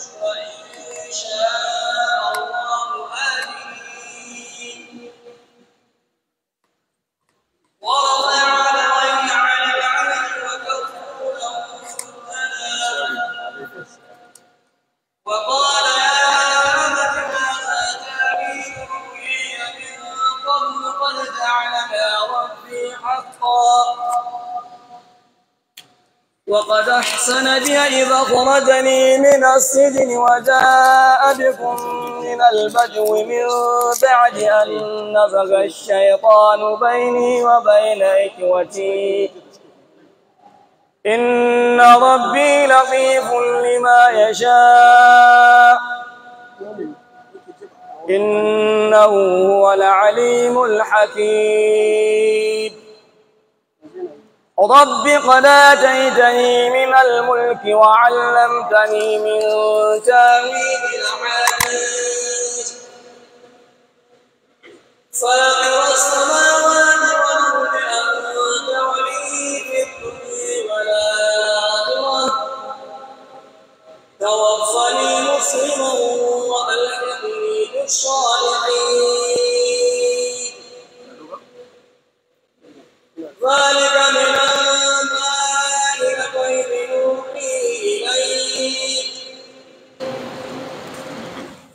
转一生。السجن وجاء بكم من البدو من بعد أن نزغ الشيطان بيني وبين إخوتي إن ربي لطيف لما يشاء إنه هو العليم الحكيم رب قد آتيتني من الملك وعلمتني من تاويل الأحاديث فاطر السماوات والأرض أنت ولي في الدنيا والآخرة توفني مسلما وألحقني بالصالحين ذلك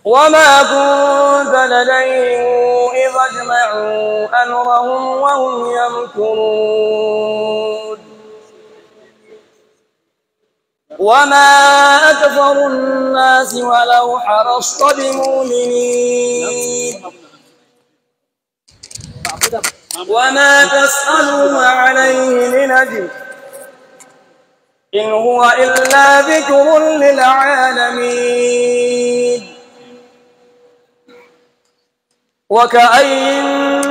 وما كنت لديهم إذ اجمعوا أمرهم وهم يمكرون وما أكثر الناس ولو حرصت بمؤمنين وما تسألهم عليه من أجل إن هو إلا ذكر للعالمين وكأين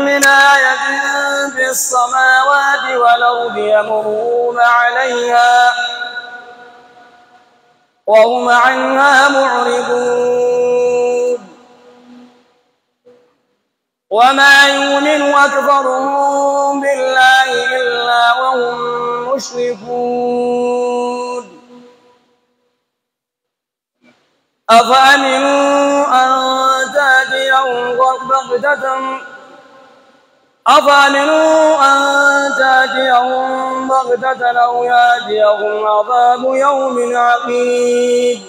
من آية في السماوات والأرض يمرون عليها وهم عنها معرضون وما يؤمن أكثرهم بالله إلا وهم مشركون أفأمنوا أن بغتة أفأمنوا أن تأتيهم بغتة أو يأتيهم عذاب يوم عقيم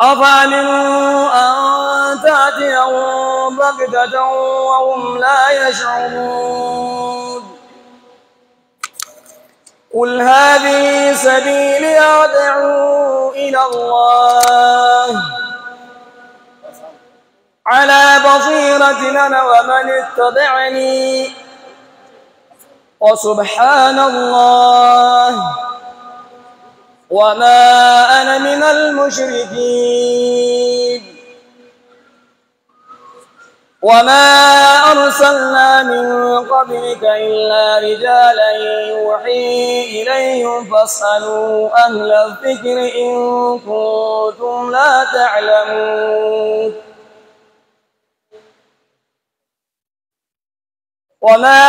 أفأمنوا أن تأتيهم بغتة وهم لا يشعرون قل هذه سبيلي أدعو إلى الله على بصيرة أنا ومن اتبعني وسبحان الله وما أنا من المشركين وما أرسلنا من قبلك إلا رجالا يوحي إليهم فاسألوا أهل الذكر إن كنتم لا تعلمون وما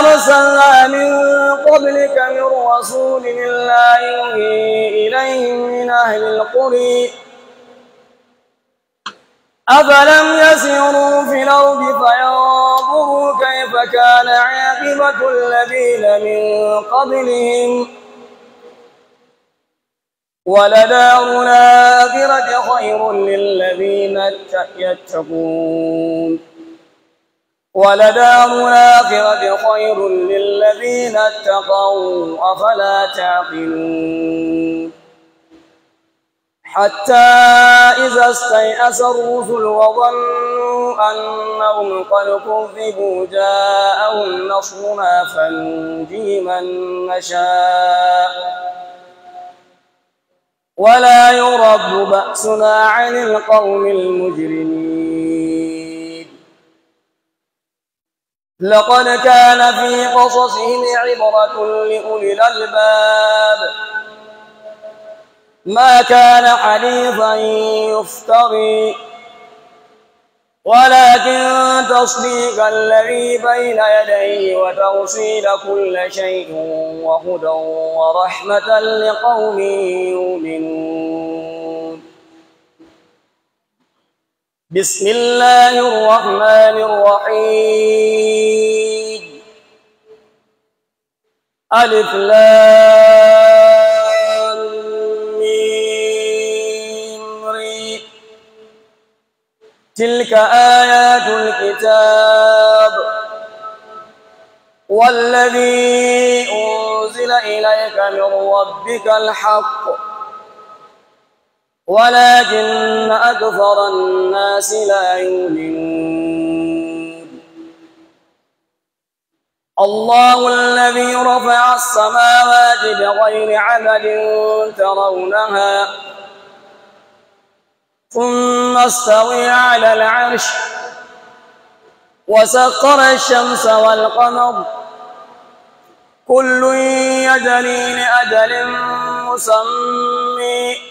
أرسلنا من قبلك من رسول إلا يوحي إليهم من أهل القرى أفلم يسيروا في الأرض فينظروا كيف كان عاقبة الذين من قبلهم ولدار الآخرة خير للذين يتقون ولدار الآخرة خير للذين اتقوا أفلا تعقلون حتى إذا استيأس الرسل وظنوا أنهم قد كذبوا جاءهم نصرنا فنجي من نشاء ولا يرد بأسنا عن القوم المجرمين لقد كان في قصصهم عبرة لأولي الألباب ما كان حديثا يفتري ولكن تصديق الذي بين يديه وتوصيل كل شيء وهدى ورحمة لقوم يؤمنون بسم الله الرحمن الرحيم ألف لامري تلك آيات الكتاب والذي أنزل إليك من ربك الحق ولكن أكثر الناس لا يؤمنون الله الذي رفع السماوات بغير عمل ترونها ثم استوي على العرش وسخر الشمس والقمر كل يجري لأجل مسمي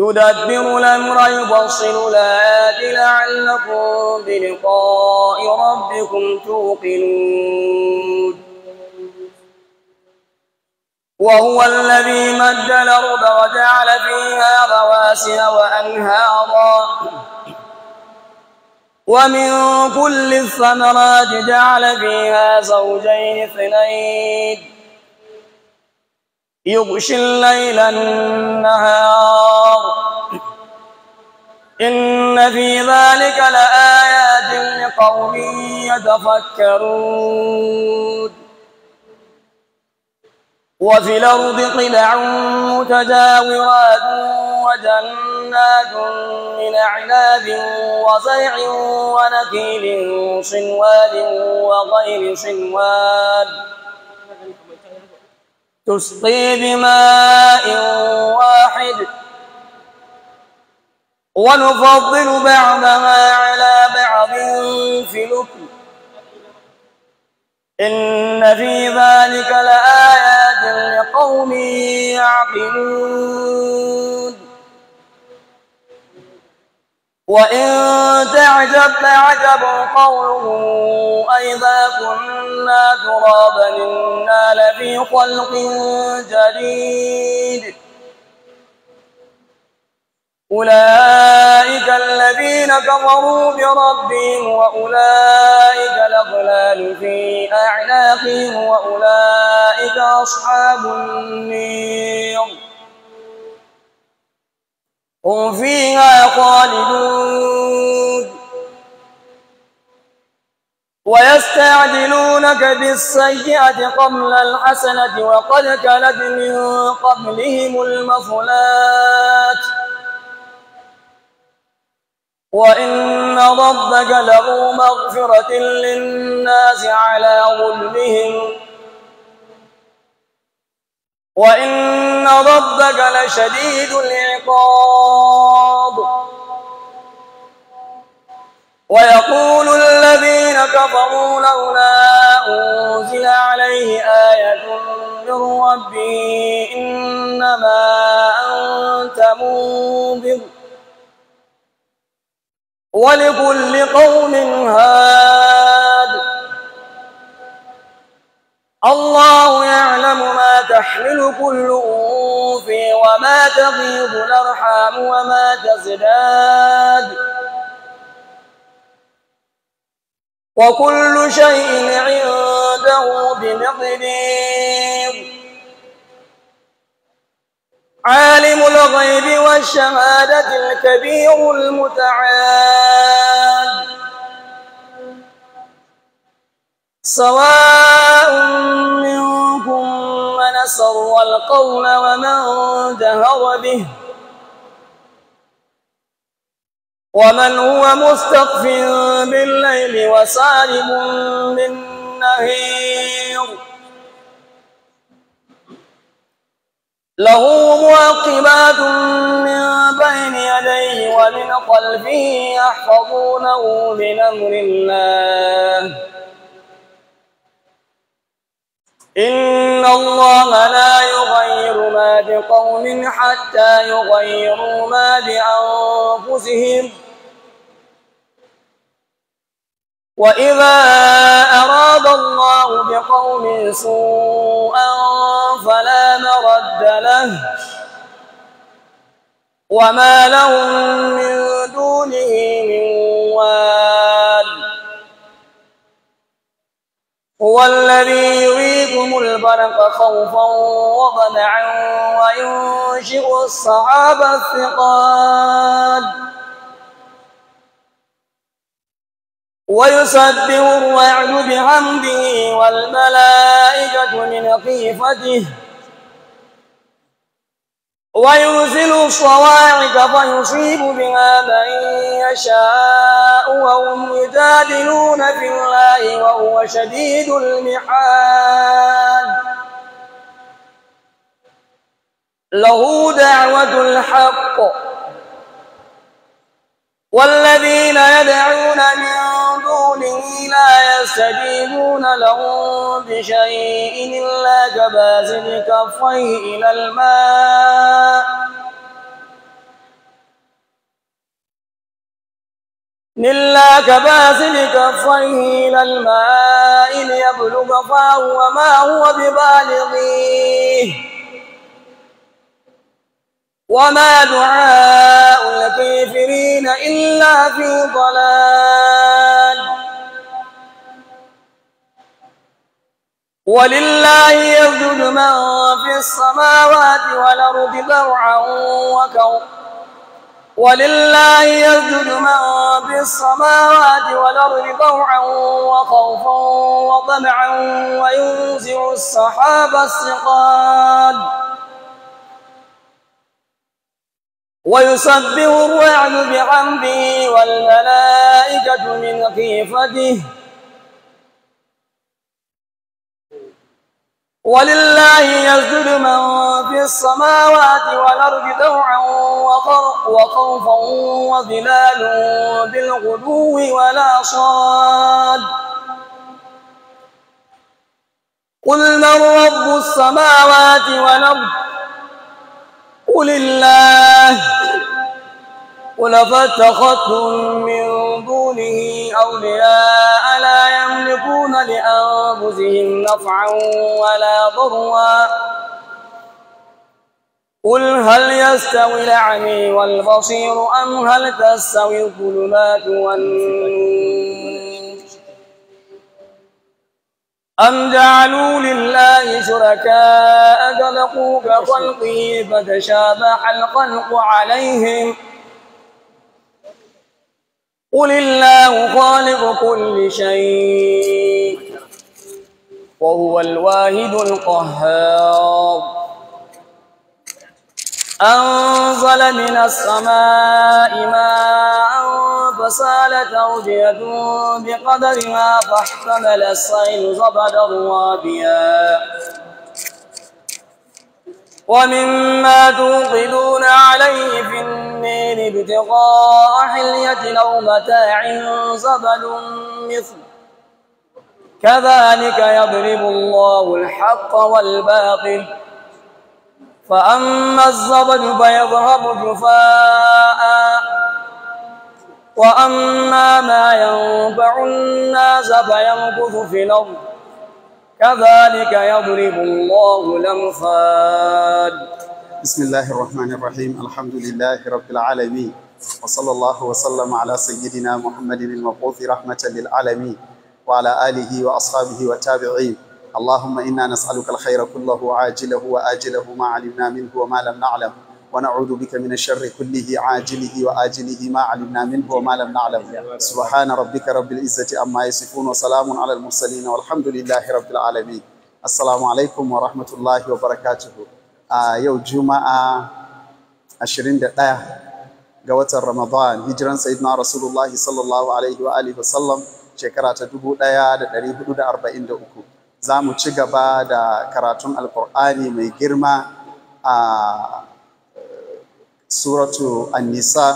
يدبر الأمر يبصر الآيات لعلكم بلقاء ربكم توقنون وهو الذي مد الأرض وجعل فيها رواسي وأنهارا ومن كل الثمرات جعل فيها زوجين اثنين يغشي الليل النهار إن في ذلك لآيات لقوم يتفكرون وفي الأرض قلع متجاورات وجنات من أعناب وزيع ونكيل صنوان وغير صنوان تسقي بماء واحد ونفضل بعضها على بعض في لكم إن في ذلك لآيات لقوم يعقلون وإن تعجب فعجب قوله أيضا كنا ترابا إنا لفي خلق جديد أولئك الذين كفروا بربهم وأولئك الأغلال في أعناقهم وأولئك أصحاب النير هم فيها خالدون ويستعجلونك بالسيئة قبل الحسنة وقد كانت من قبلهم المثلات وإن ربك له مغفرة للناس على ظلمهم وإن ربك لشديد العقاب ويقول الذين كفروا لولا أنزل عليه آية من ربي إنما أنت منذر ولكل قوم هاد الله يعلم ما تحمل كل أنفي وما تغيظ الأرحام وما تزداد وكل شيء عنده بمقدير عالم الغيب والشهادة الكبير المتعاد سواء منكم من سر القول ومن جهر به ومن هو مستخف بالليل وسالم بالنهير له مواقبات من بين يديه ومن خلفه يحفظونه من أمر الله إن الله لا يغير ما بقوم حتى يغيروا ما بأنفسهم وإذا أراد الله بقوم سوءا فلا مرد له وما لهم من دونه من وال هو الذي يريكم البرق خوفا وضمعا وينشئ الصعاب الثقال ويسبح الرعد بحمده والملائكة من خيفته ويرسل الصواعق فيصيب بها من يشاء وهم يجادلون في الله وهو شديد المحال له دعوة الحق والذين يدعون من لا يستجيبون له بشيء إلا كباسل كفيه إلى الماء إلا كباسل كفيه إلى الماء ليبلغ فاه وما هو ببالغه وما دعاء الكافرين إلا في ضلال ولله يسجد من في السماوات والأرض ذرعا وكرا ولله يسجد من في السماوات والأرض طوعا وخوفا وطمعا وينزع السحاب الثقال ويسبح الرعد بحمده والملائكة من خيفته ولله يسجد من في السماوات والأرض طوعا وخوفا وظلال بالغدو ولا صاد قل من رب السماوات والأرض قل الله قل فاتخذتم من دونه أولياء لا يملكون لأنفسهم نفعا ولا ضرا قل هل يستوي العمي والبصير أم هل تستوي الظلمات أم جعلوا لله شركاء خلقوا كخلقه فتشابه الخلق عليهم ۖ قل الله خالق كل شيء وهو الواحد القهار أنزل من السماء ماء فسالت أودية بقدرها فاحتمل السيل زبدا رابيا ومما توقدون عليه في النيل ابتغاء حلية أو متاع زبل مثل كذلك يضرب الله الحق والباطل فأما الزبد فيذهب جفاء وأما ما ينفع الناس فيمكث في الأرض كذلك يضرب الله الأمثال بسم الله الرحمن الرحيم الحمد لله رب العالمين وصلى الله وسلم على سيدنا محمد المبعوث رحمة للعالمين وعلى آله وأصحابه والتابعين اللهم إنا نسألك الخير كله عاجله وآجله ما علمنا منه وما لم نعلم ونعوذ بك من الشر كله عاجله وآجله ما علمنا منه وما لم نعلم سبحان ربك رب العزة أما يصفون وسلام على المرسلين والحمد لله رب العالمين السلام عليكم ورحمة الله وبركاته آه يوم جمعة 21 ga watan Ramadan hijiran sayyidina الله sallallahu alaihi wa alihi wasallam shekara ta 1443 za mu ci gaba da karatun alkur'ani mai girma a suratu an-nisa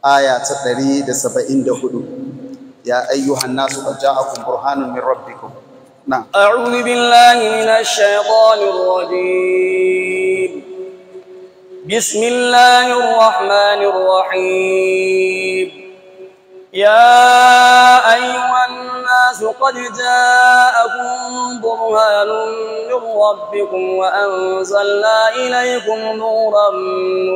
aya ta 174 ya ayyuhan nasu qad ja'akum burhanun min rabbikum na a'udhu billahi minash shaitanir rajim bismillahir rahmanir rahim يا أيها الناس قد جاءكم برهان من ربكم وأنزلنا إليكم نورا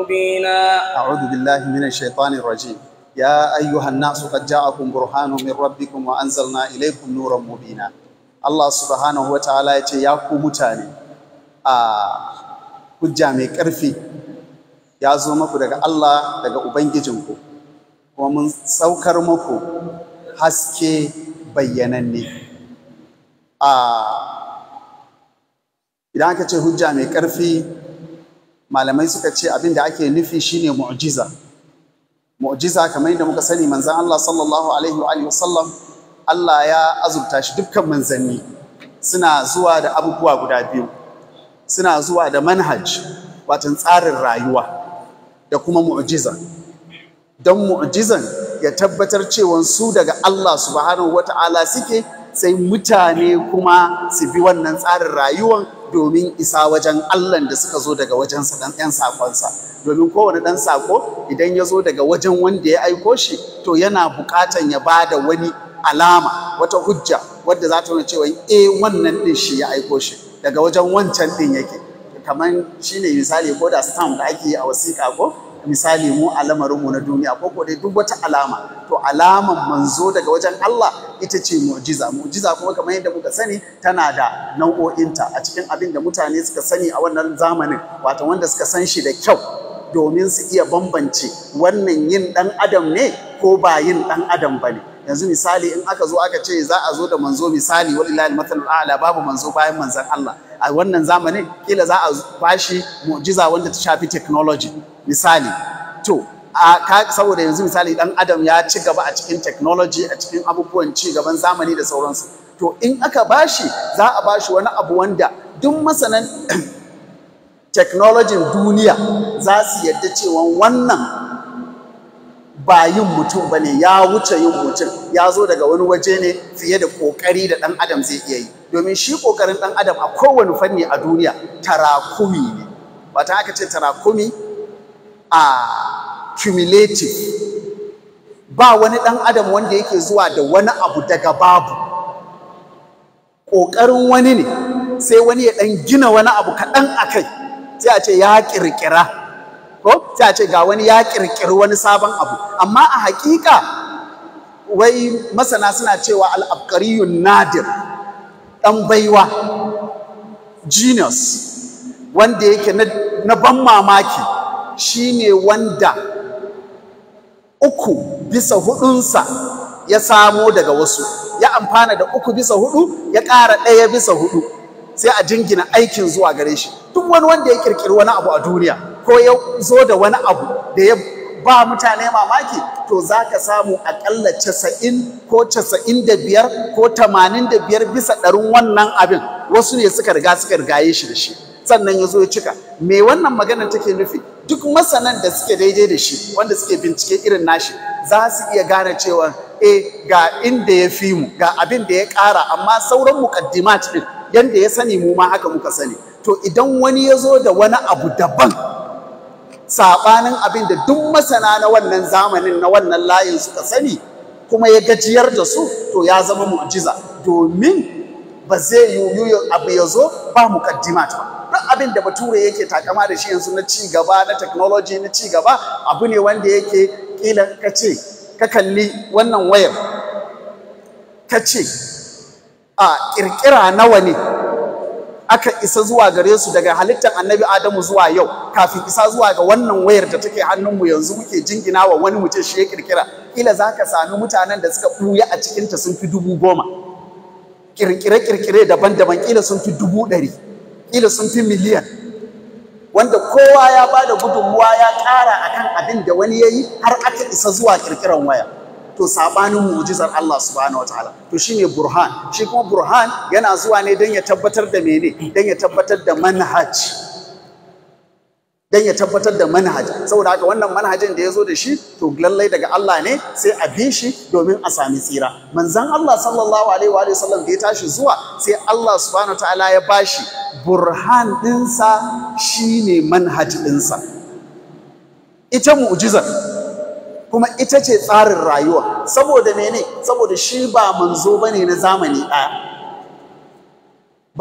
مبينا أعوذ بالله من الشيطان الرجيم يا أيها الناس قد جاءكم برهان من ربكم وأنزلنا إليكم نورا مبينا Allah subhanahu wataala ya ce ya ku mutane a hujja mai ƙarfi ya zo maku daga Allah daga Ubangijinku ko mun saukar muku haske bayyananne a idan aka ce hujja mai ƙarfi malamai suka ce abin da ake nufi shine mu'jiza mu'jiza kamar yadda muka sani manzan Allah sallallahu alaihi wa sallam Allah ya azurta shi dukkan manzanni suna zuwa da abubuwa guda biyu suna zuwa da manhaj watan tsarin rayuwa da kuma mu'jiza don mu'jizan ya tabbatar cewa su daga Allah subhanahu wata'ala suke sai mutane kuma su bi wannan tsarin rayuwan domin isa wajen Allah da suka zo daga wajen ɗan sakonsa domin kowane ɗan sako idan ya zo daga wajen wanda ya aiko shi to yana buƙatan ya ba da wani alama wata hujja wadda za ta nuna cewa eh wannan ɗin shi ya aiko shi daga wajen wancan ɗin yake kamar shine misali ko da stamp da ake yi a wasiƙa ko misali mu a lamarinmu na duniya ko ko dai duk wata alama to alaman manzo daga wajen Allah ita ce mu'jiza mu'jiza kuma kamar yadda muka sani tana da nau'o'inta a cikin abin da mutane suka sani a wannan zamanin wato wanda suka san shi da kyau domin su iya bambance wannan yin dan adam ne ko ba yin dan adam bane. yanzu misali in aka zo aka ce za a zo da manzo misali walillahi matsalar a'la babu manzo bayan manzon Allah a wannan zamanin kila za a bashi mu'jiza wanda ta shafi technology misali to saboda yanzu misali dan adam ya ci gaba a cikin technology a cikin abubuwan ci gaban zamani da sauransu to in aka bashi za a bashi wani abu wanda duk masanan technology duniya za su yadda cewa wannan ba yin mutum bane ya wuce yin mutum ya zo daga wani waje ne fiye da ƙoƙari da ɗan adam zai iya yi domin shi ƙoƙarin ɗan adam a kowane fanni a duniya tarakumi ne ba ta aka ce tarakumi a cumulative ba wani ɗan adam wanda yake zuwa da wani abu daga babu ƙoƙarin wani ne sai wani ya ɗan gina wani abu kaɗan a kai sai a ce ya ƙirƙira ko sai a ce ga wani ya ƙirƙiri wani sabon abu amma a haƙiƙa wai masana suna cewa al'abkariyun nadir ɗan baiwa genius wanda yake na ban mamaki shine wanda uku bisa hudunsa ya samo daga wasu ya amfana da uku bisa hudu ya ƙara ɗaya bisa hudu sai a jingina aikin zuwa gare shi duk wani wanda ya kirkiri wani abu a duniya ko ya zo da wani abu da ya ba mutane mamaki to za ka samu aƙalla casa'in ko casa'in da biyar ko tamanin da biyar bisa ɗarin wannan abin wasu ne suka riga suka rigaye shi da shi sannan ya zo ya cika me wannan maganar take nufi duk masanan da suke daidai da shi wanda suke bincike irin nashi za su iya gane cewa eh ga inda ya fi mu ga abin da ya ƙara amma sauran muqaddimat din yanda ya sani mu ma haka muka sani to idan wani ya zo da wani abu daban saɓanin abin da duk masana na wannan zamanin na wannan layin suka sani kuma ya gajiyar da su to ya zama mu'jiza domin ba zai yiwu abu ya zo ba mukaddimat ba duk abin da bature yake takama da shi yanzu na ci gaba na technology na ci gaba abu ne wanda yake kila ka ce ka kalli wannan wayar ka ce a kirkira nawa ne aka isa zuwa gare su daga halittar annabi adamu zuwa yau kafin isa zuwa ga wannan wayar da take hannunmu yanzu muke jingina wa wani mutum shi ya kirkira kila za ka sami mutanen da suka buya a cikinta sun fi dubu goma kirkire-kirkire daban-daban kila sun fi dubu ɗari kila sun fi miliyan wanda kowa ya ba da gudunmuwa ya ƙara a kan abin da wani ya yi har aka isa zuwa kirkiran waya to saɓanin mu'jizar Allah subhanahu ta'ala to shine burhan shi kuma burhan yana zuwa ne don ya tabbatar da mene don ya tabbatar da manhaj dan ya tabbatar da manhaji saboda haka wannan manhajin da ya zo da shi to lallai daga Allah ne sai a bi shi domin a sami tsira manzon Allah sallallahu alaihi wa sallam da ya tashi zuwa sai Allah subhanahu ta'ala ya bashi burhan dinsa shine manhaji dinsa ita mu'jizar kuma ita ce tsarin rayuwa saboda mene saboda shi ba manzo bane na zamani ɗaya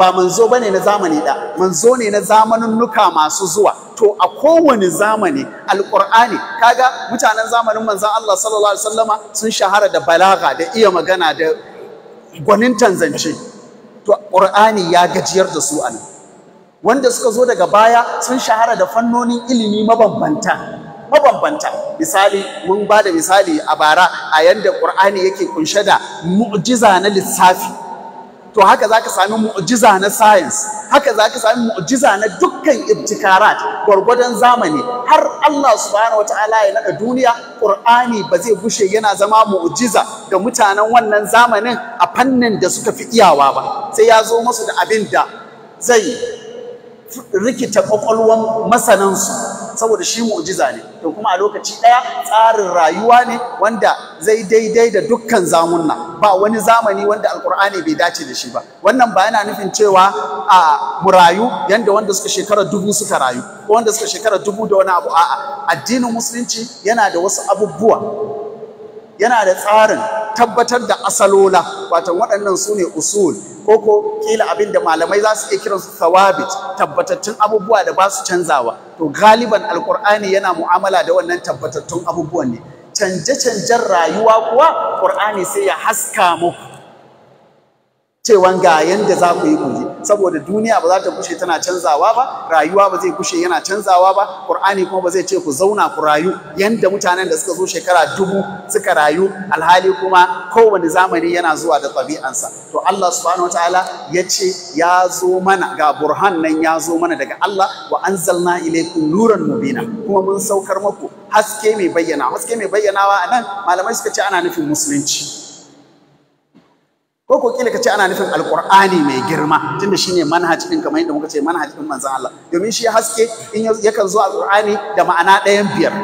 ba manzo bane na zamani da manzo ne na zamanin nuka masu zuwa to a kowane zamani alqur'ani kaga mutanen zamanin manzon Allah sallallahu alaihi wasallama sun shahara da balaga da iya magana da gwanin tanzance to qur'ani ya gajiyar da su anan wanda suka zo daga baya sun shahara da fannonin ilimi mabambanta mabambanta misali mun ba da misali a bara a yanda qur'ani yake kunshe da mu'jiza na lissafi to haka za ka sami mu'jiza na science haka za ka sami mu'jiza na dukkan ibtikarat gwargwadon zamani har Allah subhanahu wataala ya naɗa duniya Qur'ani ba zai bushe yana zama mu'jiza ga mutanen wannan zamanin a fannin da suka fi iyawa ba sai ya zo musu da abin da zai rikita kwakwalwan masanansu saboda shi mu'jiza ne to kuma a lokaci ɗaya tsarin rayuwa ne wanda zai daidai da dukkan zamunna ba wani zamani wanda alkur'ani bai dace da shi ba wannan ba yana nufin cewa a mu rayu yanda wanda suka shekara dubu suka rayu ko wanda suka shekara dubu da wani abu a'a addinin musulunci yana da wasu abubuwa yana da tsarin tabbatar da asalola wato waɗannan su ne usul ko ko kila abin da malamai za su iya kiransu tawabit tabbatattun abubuwa da ba su canzawa to galiban alkur'ani yana mu'amala da wannan tabbatattun abubuwan ne canje-canjen rayuwa kuwa ƙur'ani sai ya haska muku cewan ga yanda za ku yi kuje saboda duniya ba za ta kushe tana canzawa ba rayuwa ba zai kushe yana canzawa ba qur'ani kuma ba zai ce ku zauna ku rayu yanda mutanen da suka zo shekara dubu suka rayu alhali kuma kowane zamani yana zuwa da tabi'ansa to Allah subhanahu wataala ya ce ya zo mana ga burhan nan ya zo mana daga Allah wa anzalna ilaykum nuran mubina kuma mun saukar muku haske mai bayyana haske mai bayyanawa anan malamai suka ce ana nufin musulunci ko ko kila kace ana nufin alqur'ani mai girma tunda shine manhaji din kamar yadda muka ce manhaji din manzon Allah domin shi haske in yakan zo alqur'ani da ma'ana ɗayan biyar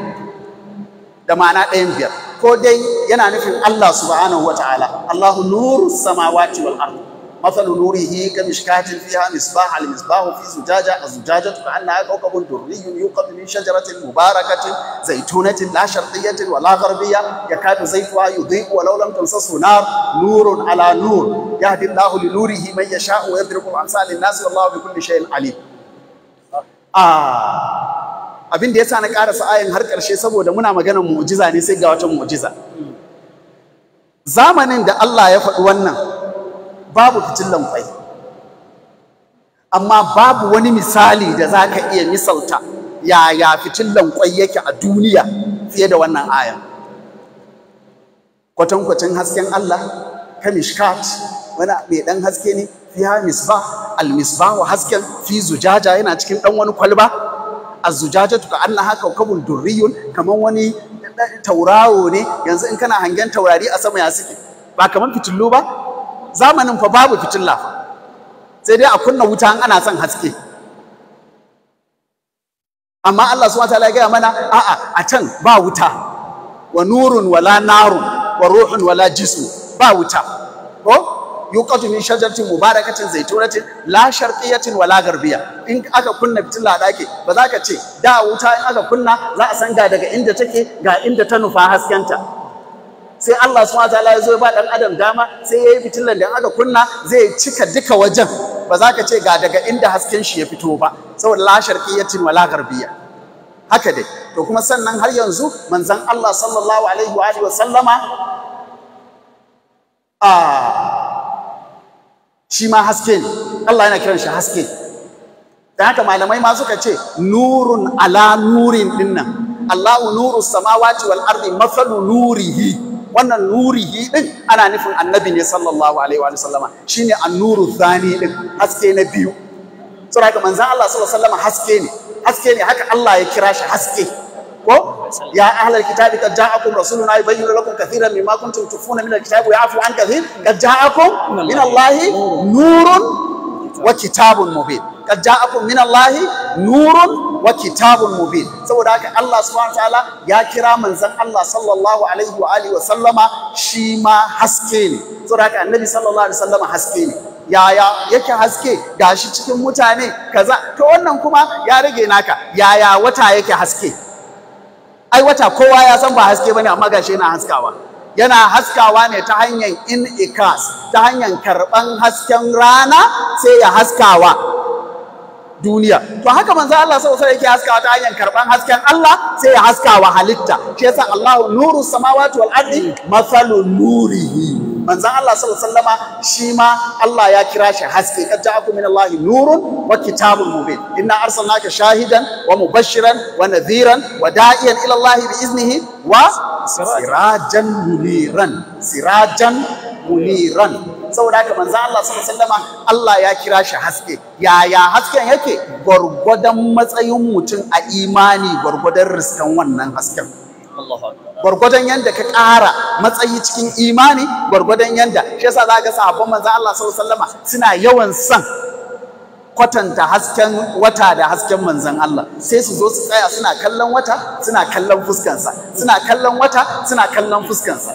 da ma'ana ɗayan biyar ko dai yana nufin Allah subhanahu wataala Allahu nuru samawati wal ardh مثل نوره كمشكاة فيها مصباح المصباح في زجاجة الزجاجة كأنها كوكب دري يوقد من شجرة مباركة زيتونة لا شرقية ولا غربية يكاد زيتها يضيء ولو لم تمسسه نار نور على نور يهدي الله لنوره من يشاء ويضرب الأمثال للناس والله بكل شيء عليم آه أبين da yasa na karasa ayin har سبو دمنا muna maganar mu'jiza ne sai زمانين ده الله يفعل ونن babu fitilan kwai amma babu wani misali da za ka iya misalta yaya fitilan kwai yake a duniya fiye da wannan ayan kwatan hasken Allah ka mishkat wani mai ɗan haske ne fiha misbah almisbah wa hasken fi zujaja yana cikin ɗan wani kwalba azujaja tuka haka kawkabun durriyun kaman wani tauraro ne yanzu in kana hangen taurari a sama ya suke ba kaman fitillu ba zamanin fa babu fitin fa sai dai a kunna wuta in ana son haske amma Allah subhanahu wataala ya gaya mana a'a a can ba wuta wa nurun wala narun wa ruhun wala jismu ba wuta ko yuqatu min shajaratin mubarakatin zaitunatin la sharqiyatin wala garbiya in aka kunna fitilla a daki ba za ka ce da wuta in aka kunna za a san ga daga inda take ga inda ta nufa haskenta sai Allah su wata ya zo ba dan adam dama sai ya yi fitilan da aka kunna zai cika duka wajen ba za ka ce ga daga inda hasken shi ya fito ba saboda la sharqiyyatin wala biya. haka dai to kuma sannan har yanzu manzan Allah sallallahu alaihi wa wa sallama a shi ma haske ne Allah yana kiran shi haske da haka malamai ma suka ce nurun ala nurin dinnan Allahu nuru samawati wal ardi mafalu nurihi wannan nurihi din ana nufin annabi ne sallallahu alaihi wa sallama shine annuru thani din haske na biyu Sura haka manzon Allah sallallahu alaihi wa haske ne haske ne haka Allah ya kira shi haske ko ya ahlal kitabi kad ja'akum rasuluna yubayyinu lakum kathiran mimma kuntum tufuna min kitabi wa ya'fu an kathir kad ja'akum min Allah nurun wa kitabun mubin qad ja'akum min Allahi nurun wa kitabun mubin saboda haka Allah subhanahu wataala ya kira manzon Allah sallallahu alaihi wa alihi wa sallama shi ma haske ne saboda haka annabi sallallahu alaihi wa sallama haske ne yaya yake haske gashi cikin mutane kaza to wannan kuma ya rage naka yaya wata yake haske ai wata kowa ya san ba haske bane amma gashi yana haskawa yana haskawa ne ta hanyar in ikas ta hanyar karban hasken rana sai ya haskawa duniya to haka manzo Allah sallallahu alaihi yake haskawa ta hanyar karban hasken Allah sai ya haskawa halitta shi yasa Allahu nuru samawati wal ardi mathalu nurihi manzon Allah sallallahu alaihi wasallama shi ma Allah ya kira shi haske kad ja'akum min Allah nurun wa kitabun mubin inna arsalnaka shahidan wa mubashiran wa nadhiran wa da'iyan ila Allah bi iznihi wa sirajan muniran sirajan muniran saboda haka manzo Allah sallallahu alaihi wasallam Allah ya kira shi haske yaya hasken yake gwargwadon matsayin mutum a imani gwargwadon riskan wannan hasken gwargwadon yanda ka ƙara matsayi cikin imani gwargwadon yanda shi yasa za ga sahabban manzo Allah sallallahu alaihi suna yawan son kwatanta hasken wata da hasken manzan Allah sai su zo su tsaya suna kallon wata suna kallon fuskansa suna kallon wata suna kallon fuskansa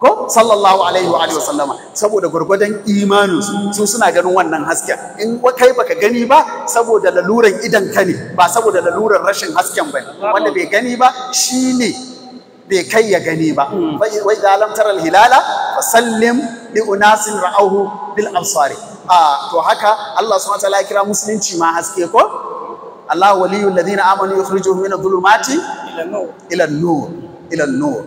ko sallallahu alaihi wa sallama saboda gwargwadon imanin su suna ganin wannan hasken in kai baka gani ba saboda laluran idan ka ne ba saboda laluran rashin hasken ba wanda bai gani ba shi ne bai kai ya gani ba wai da lam taral hilala fa sallim li unasin ra'ahu bil absari ah to haka Allah subhanahu wa ta'ala kira musulunci ma haske ko Allah waliyul ladina amanu yukhrijuhum min adh-dhulumati ila an-nur ila an-nur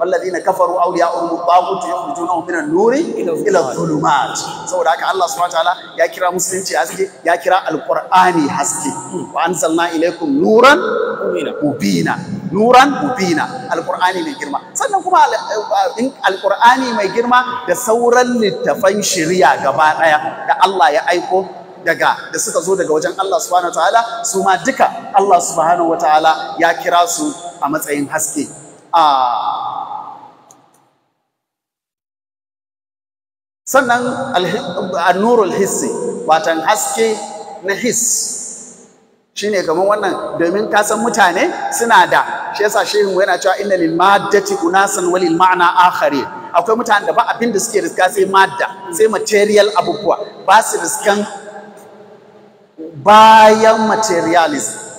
Walladina والذين كفروا أولياءهم الطاغوت يخرجونهم من النور ila الظلمات saboda haka Allah subhanahu ta'ala ya kira musulunci haske ya kira alqur'ani haske wa anzalna ilaykum nuran mubina nuran mubina alqur'ani mai girma sannan kuma alqur'ani mai girma da sauran littafan shari'a gaba daya da Allah ya aiko daga da suka zo daga wajen Allah subhanahu ta'ala su ma duka Allah subhanahu ta'ala ya kira su a matsayin haske a sannan annurul hissi watan haske na his shine kamar wannan domin ka mutane suna da shi yasa shehin yana cewa inna lil maddati unasan wa lil ma'na akhari akwai mutane da ba abin da suke riska sai madda sai material abubuwa ba su riskan bayan materialism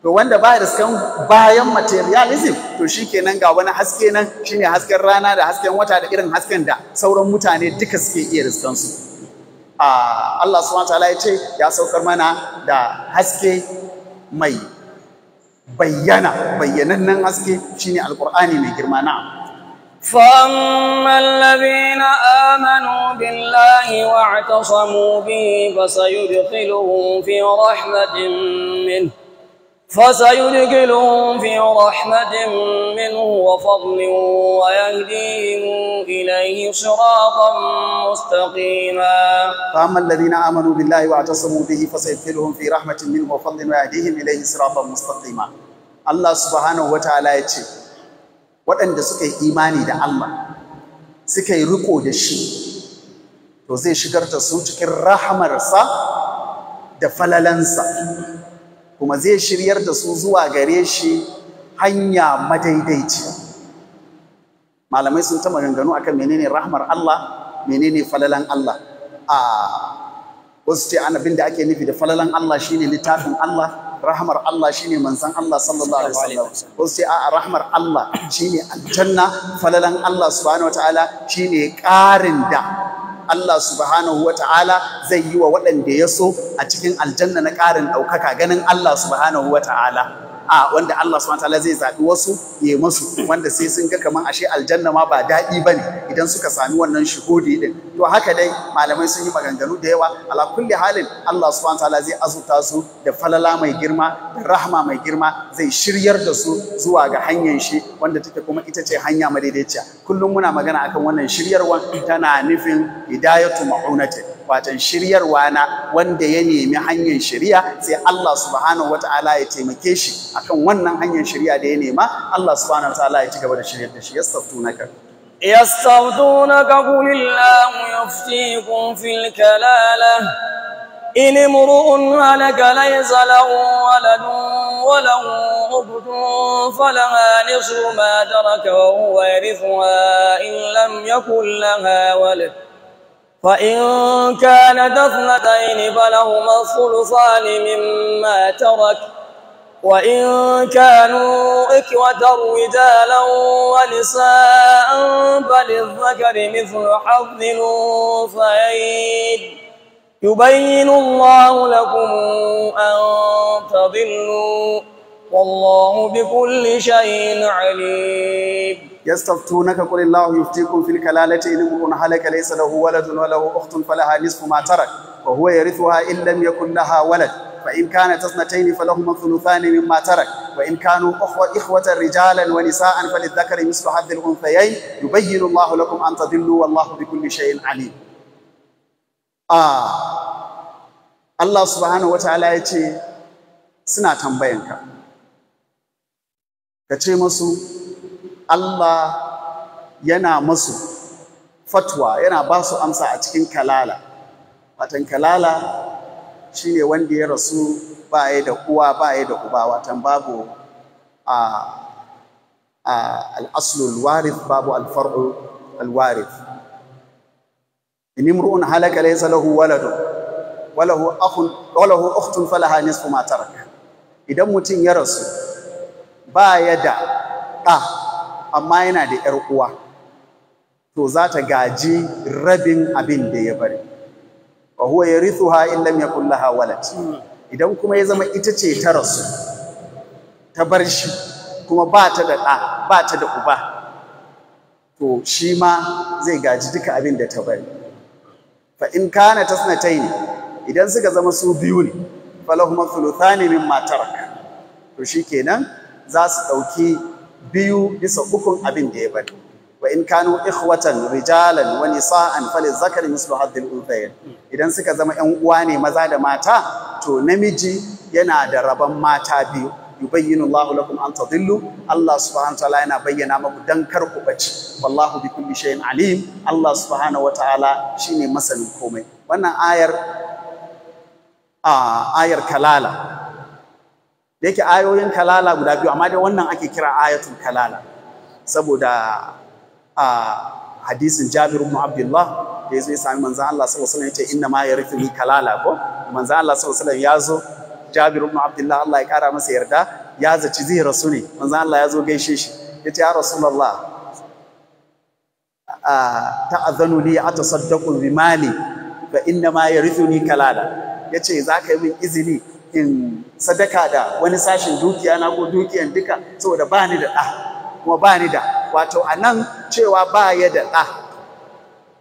to wanda ba riskan bayan materialism to shi kenan ga wani haske nan shine hasken rana da hasken wata da irin hasken da sauran mutane duka suke iya riskansu Allah subhanahu wataala ya ce ya saukar mana da haske mai bayyana nan haske shine alkur'ani mai girma na فأما الذين آمنوا بالله واعتصموا به فسيدخلهم في رحمة منه فسيدخلهم في رحمة منه وفضل ويهديهم إليه صراطا مستقيما فأما الذين آمنوا بالله واعتصموا به فسيدخلهم في رحمة منه وفضل ويهديهم إليه صراطا مستقيما الله سبحانه وتعالى يتي وأن suka إيماني imani الله سكي ركو yi riko وزي shi to الرحمة shigar da فلالنسا kuma zai shiryar da su zuwa gare shi hanya madaidaici malamai sun taɓa maganganu akan menene rahmar Allah menene falalan Allah a wasu ce an abin da ake nufi da falalan Allah shine littafin Allah rahmar Allah shine manzon Allah sallallahu alaihi wasallam wasu ce a rahmar Allah shine aljanna falalan Allah subhanahu wataala shine ƙarin da Allah subhanahu wa ta'ala zai yi wa waɗanda ya so a cikin aljanna na ƙarin ɗaukaka ganin Allah subhanahu wa ta'ala a wanda Allah subhanahu zai zaɓi wasu ya masu wanda sai sun ga kaman ashe aljanna ma ba daɗi ba ne idan suka sami wannan shuhudi din to haka dai malamai sun yi maganganu da yawa ala kulli halin Allah subhanahu zai azuta su da falala mai girma da rahama mai girma zai shiryar da su zuwa ga hanyar shi wanda take kuma ita ce hanya madaidaiciya kullum muna magana akan wannan shiryarwa tana nufin hidayatu ma'unatin wato shiryarwa na wanda ya nemi hanyar shirya sai Allah subhanahu wa ta'ala ya taimake shi akan wannan hanyar shirya da ya nema Allah subhanahu wa ta'ala ya ci gaba da shiryar da shi ya sautu na ka ya sautu na ka kuli ya fi kun fil kalala in imru'un halaka laysa lahu waladun wa lahu ubdun falaha nisfu ma taraka wa huwa yarithuha in lam yakul laha walad فإن كانت اثنتين فلهما الثلثان مما ترك وإن كانوا إكوة رجالا ونساء فللذكر مثل حظ الأنثيين يبين الله لكم أن تضلوا والله بكل شيء عليم يستفتونك قل الله يفتيكم في الكلالة إن امرؤ هلك ليس له ولد وله أخت فلها نصف ما ترك وهو يرثها إن لم يكن لها ولد فإن كانت اثنتين فلهما الثلثان مما ترك وإن كانوا أخوة إخوة رجالا ونساء فللذكر مثل حظ الأنثيين يبين الله لكم أن تضلوا والله بكل شيء عليم آه الله سبحانه وتعالى يقول سنة تنبينك ka ce masu Allah yana masu fatwa yana ba su amsa a cikin kalala watan kalala shi ne wanda ya rasu ba ya da uwa ba ya da uba watan babu a al'aslul warif babu alfar'ul alwarif in imru'un halaka laysa lahu waladun walahu akhun walahu ukhtun falaha nisfu ma taraka idan mutum ya rasu ba ya da ɗa amma yana da ‘yar uwa to za ta gaji rabin abin da ya bari wa huwa ha in lam yakul ha walat. idan kuma ya zama ita ce ta rasu ta bar shi kuma ba ta da ɗa ba ta da uba to shi ma zai gaji duka abin da ta bari fa in kana tasnatayn idan suka zama su biyu ne falahuma thuluthani min matarka. to shi kenan za su ɗauki biyu bisa ukun abin da ya bari wa in kanu ikhwatan rijalan wani sa'an fali zakari mislu haddil unthayayn idan suka zama yan uwa ne maza da mata to namiji yana da rabon mata biyu yubayyinu Allahu lakum an tadillu Allah subhanahu wa ta'ala yana bayyana maku dan kar ku bace wallahu bi kulli shay'in alim Allah subhanahu wa ta'ala shine masanin komai wannan ayar a ah, ayar kalala da yake ayoyin kalala guda biyu amma dai wannan ake kira ayatul kalala saboda a hadisin Jabir ibn Abdullah da yazo ya sami manzon Allah sallallahu alaihi wasallam yace inna ma yarithuni kalala ko manzon Allah sallallahu alaihi wasallam yazo Jabir ibn Abdullah Allah ya kara masa yarda ya zaci zai rasu ne manzon Allah ya zo gaishe shi yace ya rasulullah ta'azanu li atasaddaqu bi mali fa inna ma yarithuni kalala yace zaka yi min izini in sadaka da wani sashen dukiya na ko dukiyan duka saboda ba ni da ɗa kuma ba ni da wato a nan cewa ba ya da ɗa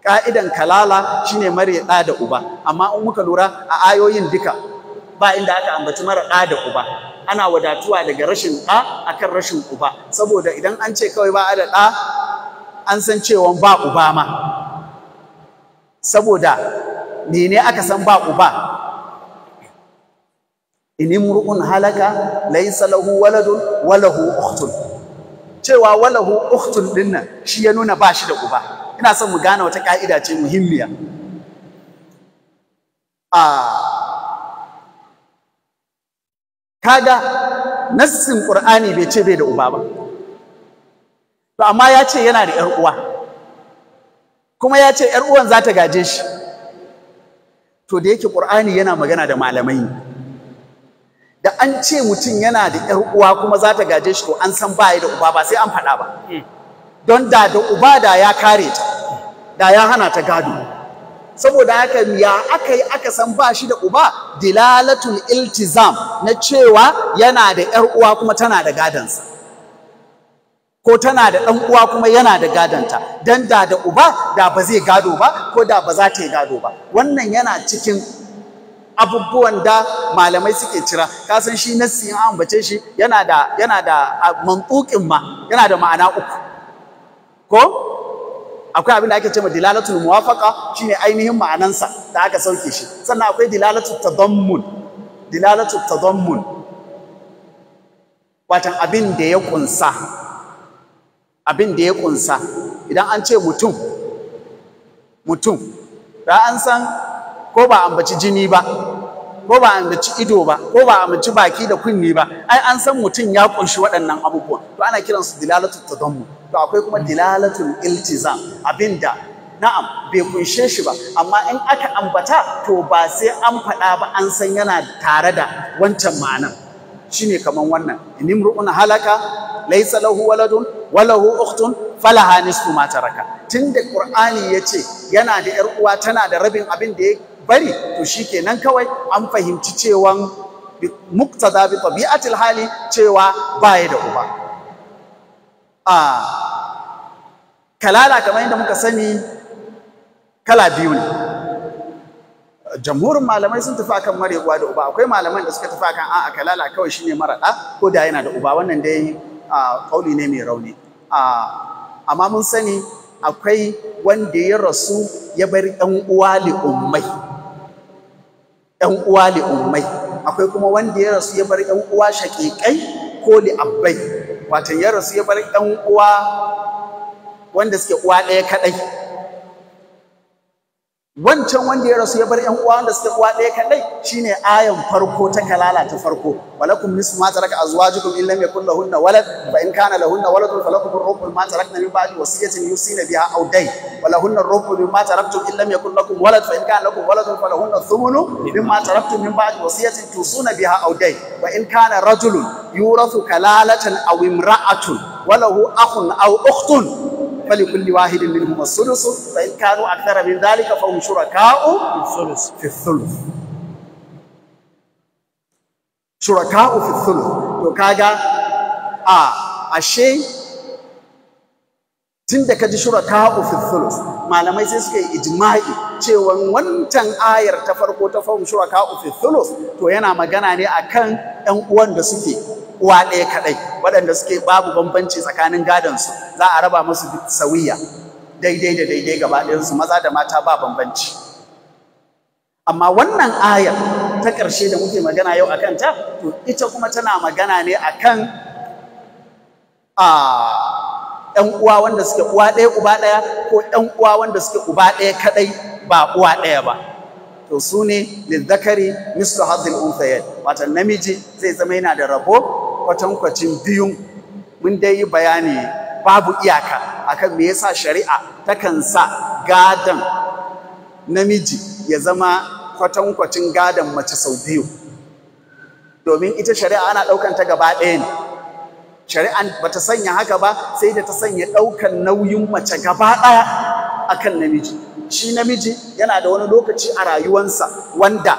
ka'idan kalala shine mare ɗa da uba amma in muka lura a ayoyin duka ba inda aka ambaci mara ɗa da uba ana wadatuwa daga rashin ɗa akan rashin uba saboda idan an ce kawai ba a da ɗa an san cewa ba uba ma saboda mene aka san ba uba in imru'un halaka laysa lahu waladun walahu ukhtun cewa walahu ukhtun dinnan shi ya nuna ba shi da uba ina son mu gane wata ka'ida ce muhimmiya a kaga nassin qur'ani bai ce bai da uba ba to amma ya ce yana da yar uwa kuma ya ce yar uwan za ta gaje shi to da yake qur'ani yana magana da malamai da an ce mutum yana da ƴar uwa kuma za ta gaje shi to an san ba da uba ba sai an faɗa ba hmm. don da da uba da ya kare ta da ya hana ta gado saboda haka ya aka yi aka san ba shi da uba dilalatul iltizam na cewa yana da ƴar uwa kuma tana da gadansa ko tana da ɗan uwa kuma yana da gadanta dan da da uba da ba zai gado ba ko da ba za ta yi gado ba wannan yana cikin abubuwan da malamai suke cira ka san shi nassi in an bace shi yana da yana da manqukin ma yana da ma'ana uku ko akwai abin da ake cewa dilalatul muwafaqa shine ainihin ma'anansa da aka sauke shi sannan akwai dilalatul tadammun dilalatul tadammun watan abin da ya kunsa abin da ya kunsa idan an ce mutum mutum da an san ko ba ambaci jini ba ko ba ambaci ido ba ko ba ambaci baki da kunni ba ai an san mutum ya kunshi waɗannan abubuwa to ana kiran su dilalatul tadammu to akwai kuma dilalatul iltizam abinda na'am bai kunshe shi ba amma in aka ambata to ba sai an faɗa ba an san yana tare da wancan ma'anan shine kaman wannan inimru'un halaka laysa lahu waladun wa lahu ukhtun falaha nisfu ma taraka tunda qur'ani yace yana da yar uwa tana da rabin abin da ya bari to shikenan kawai an fahimci cewa muktada bi tabi'atil hali cewa baya da uba a kalala kamar yadda muka sani kala biyu ne jamhurin malamai sun tafi akan mare uwa da uba akwai malaman da suka tafi akan a'a kalala kawai shine mara ɗa ko da yana da uba wannan dai kauli ne mai rauni amma mun sani akwai wanda ya rasu ya bar ɗan uwa li ummai 'yan uwa li ummai akwai kuma wanda ya rasu ya bar 'yan uwa shaƙiƙai ko li abbai wato ya rasu ya bar 'yan uwa wanda suke uwa ɗaya kaɗai wancan wanda ya rasu ya bar ƴan uwa wanda suka uwa ɗaya kadai shine ayan farko ta kalala ta farko walakum nisfu ma taraka azwajukum in lam yakul lahunna walad fa in kana lahunna waladun falakum ar-rubu ma tarakna min ba'di wasiyatin yusina biha aw dayn walahunna ar-rubu mimma taraktum in lam yakul lakum walad fa in kana lakum waladun falahunna thumnu mimma taraktum min ba'di wasiyatin tusuna biha aw dayn wa in kana rajulun yurathu kalalatan aw imra'atun walahu akhun aw ukhtun فلكل واحد منهم السدس فإن كانوا أكثر من ذلك فهم شركاء في الثلث شركاء في الثلث to kaga a ashe tunda kaji shuraka'u fi thuluth malamai sai suka yi ijma'i cewa wancan ayar ta farko ta fahim shuraka'u fi thuluth to yana magana ne akan ƴan uwan da suke uwa ɗaya kaɗai waɗanda suke babu bambanci tsakanin gadonsu za a raba musu sawiya daidai da daidai gaba ɗayansu maza da mata ba bambanci amma wannan ayar ta ƙarshe da muke magana yau a kan ta to ita kuma tana magana ne a kan a uwa wanda suke uwa ɗaya uba ɗaya ko ‘yan uwa wanda suke uba ɗaya kaɗai ba uwa ɗaya ba to su ne lizzakari Mr hazin unthayed watan namiji zai zama yana da rabo kwatankwacin biyu mun dai yi bayani babu iyaka akan me yasa shari'a takan sa gadon namiji ya zama kwatankwacin gadon mace sau biyu domin ita shari'a ana ɗaukan ta gaba ɗaya ne shari'an ta sanya haka ba sai da ta sanya ɗaukan nauyin mace gaba ɗaya akan namiji shi namiji yana da wani lokaci a rayuwansa wanda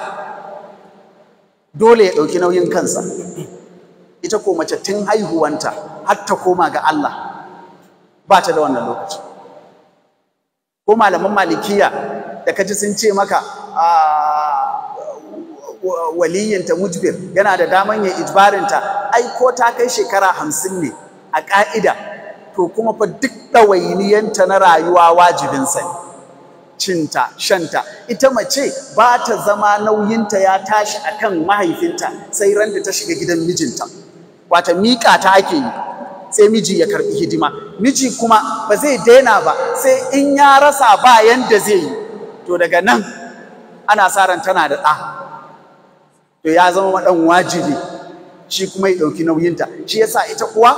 dole ya ɗauki nauyin kansa ita ko mace tun haihuwanta har ta koma ga Allah ba ta da wannan lokaci ko malaman malikiya da kaji sun ce maka ah, waliyinta mujbir yana da daman ya ijbarinta ai ko ta kai shekara hamsin ne a ƙa'ida to kuma fa duk ɗawainiyanta na rayuwa wajibin sani cinta, shanta, ita mace ba ta zama nauyinta ya tashi akan mahaifinta sai ran da ta shiga gidan mijinta. wata miƙa ta ake yi sai miji ya karɓi hidima miji kuma ba zai daina ba sai in ya rasa ba yanda zai yi to daga nan ana sa ran tana da ɗa to ya zama maɗan wajibi shi kuma ya ɗauki nauyinta shi yasa ita kuwa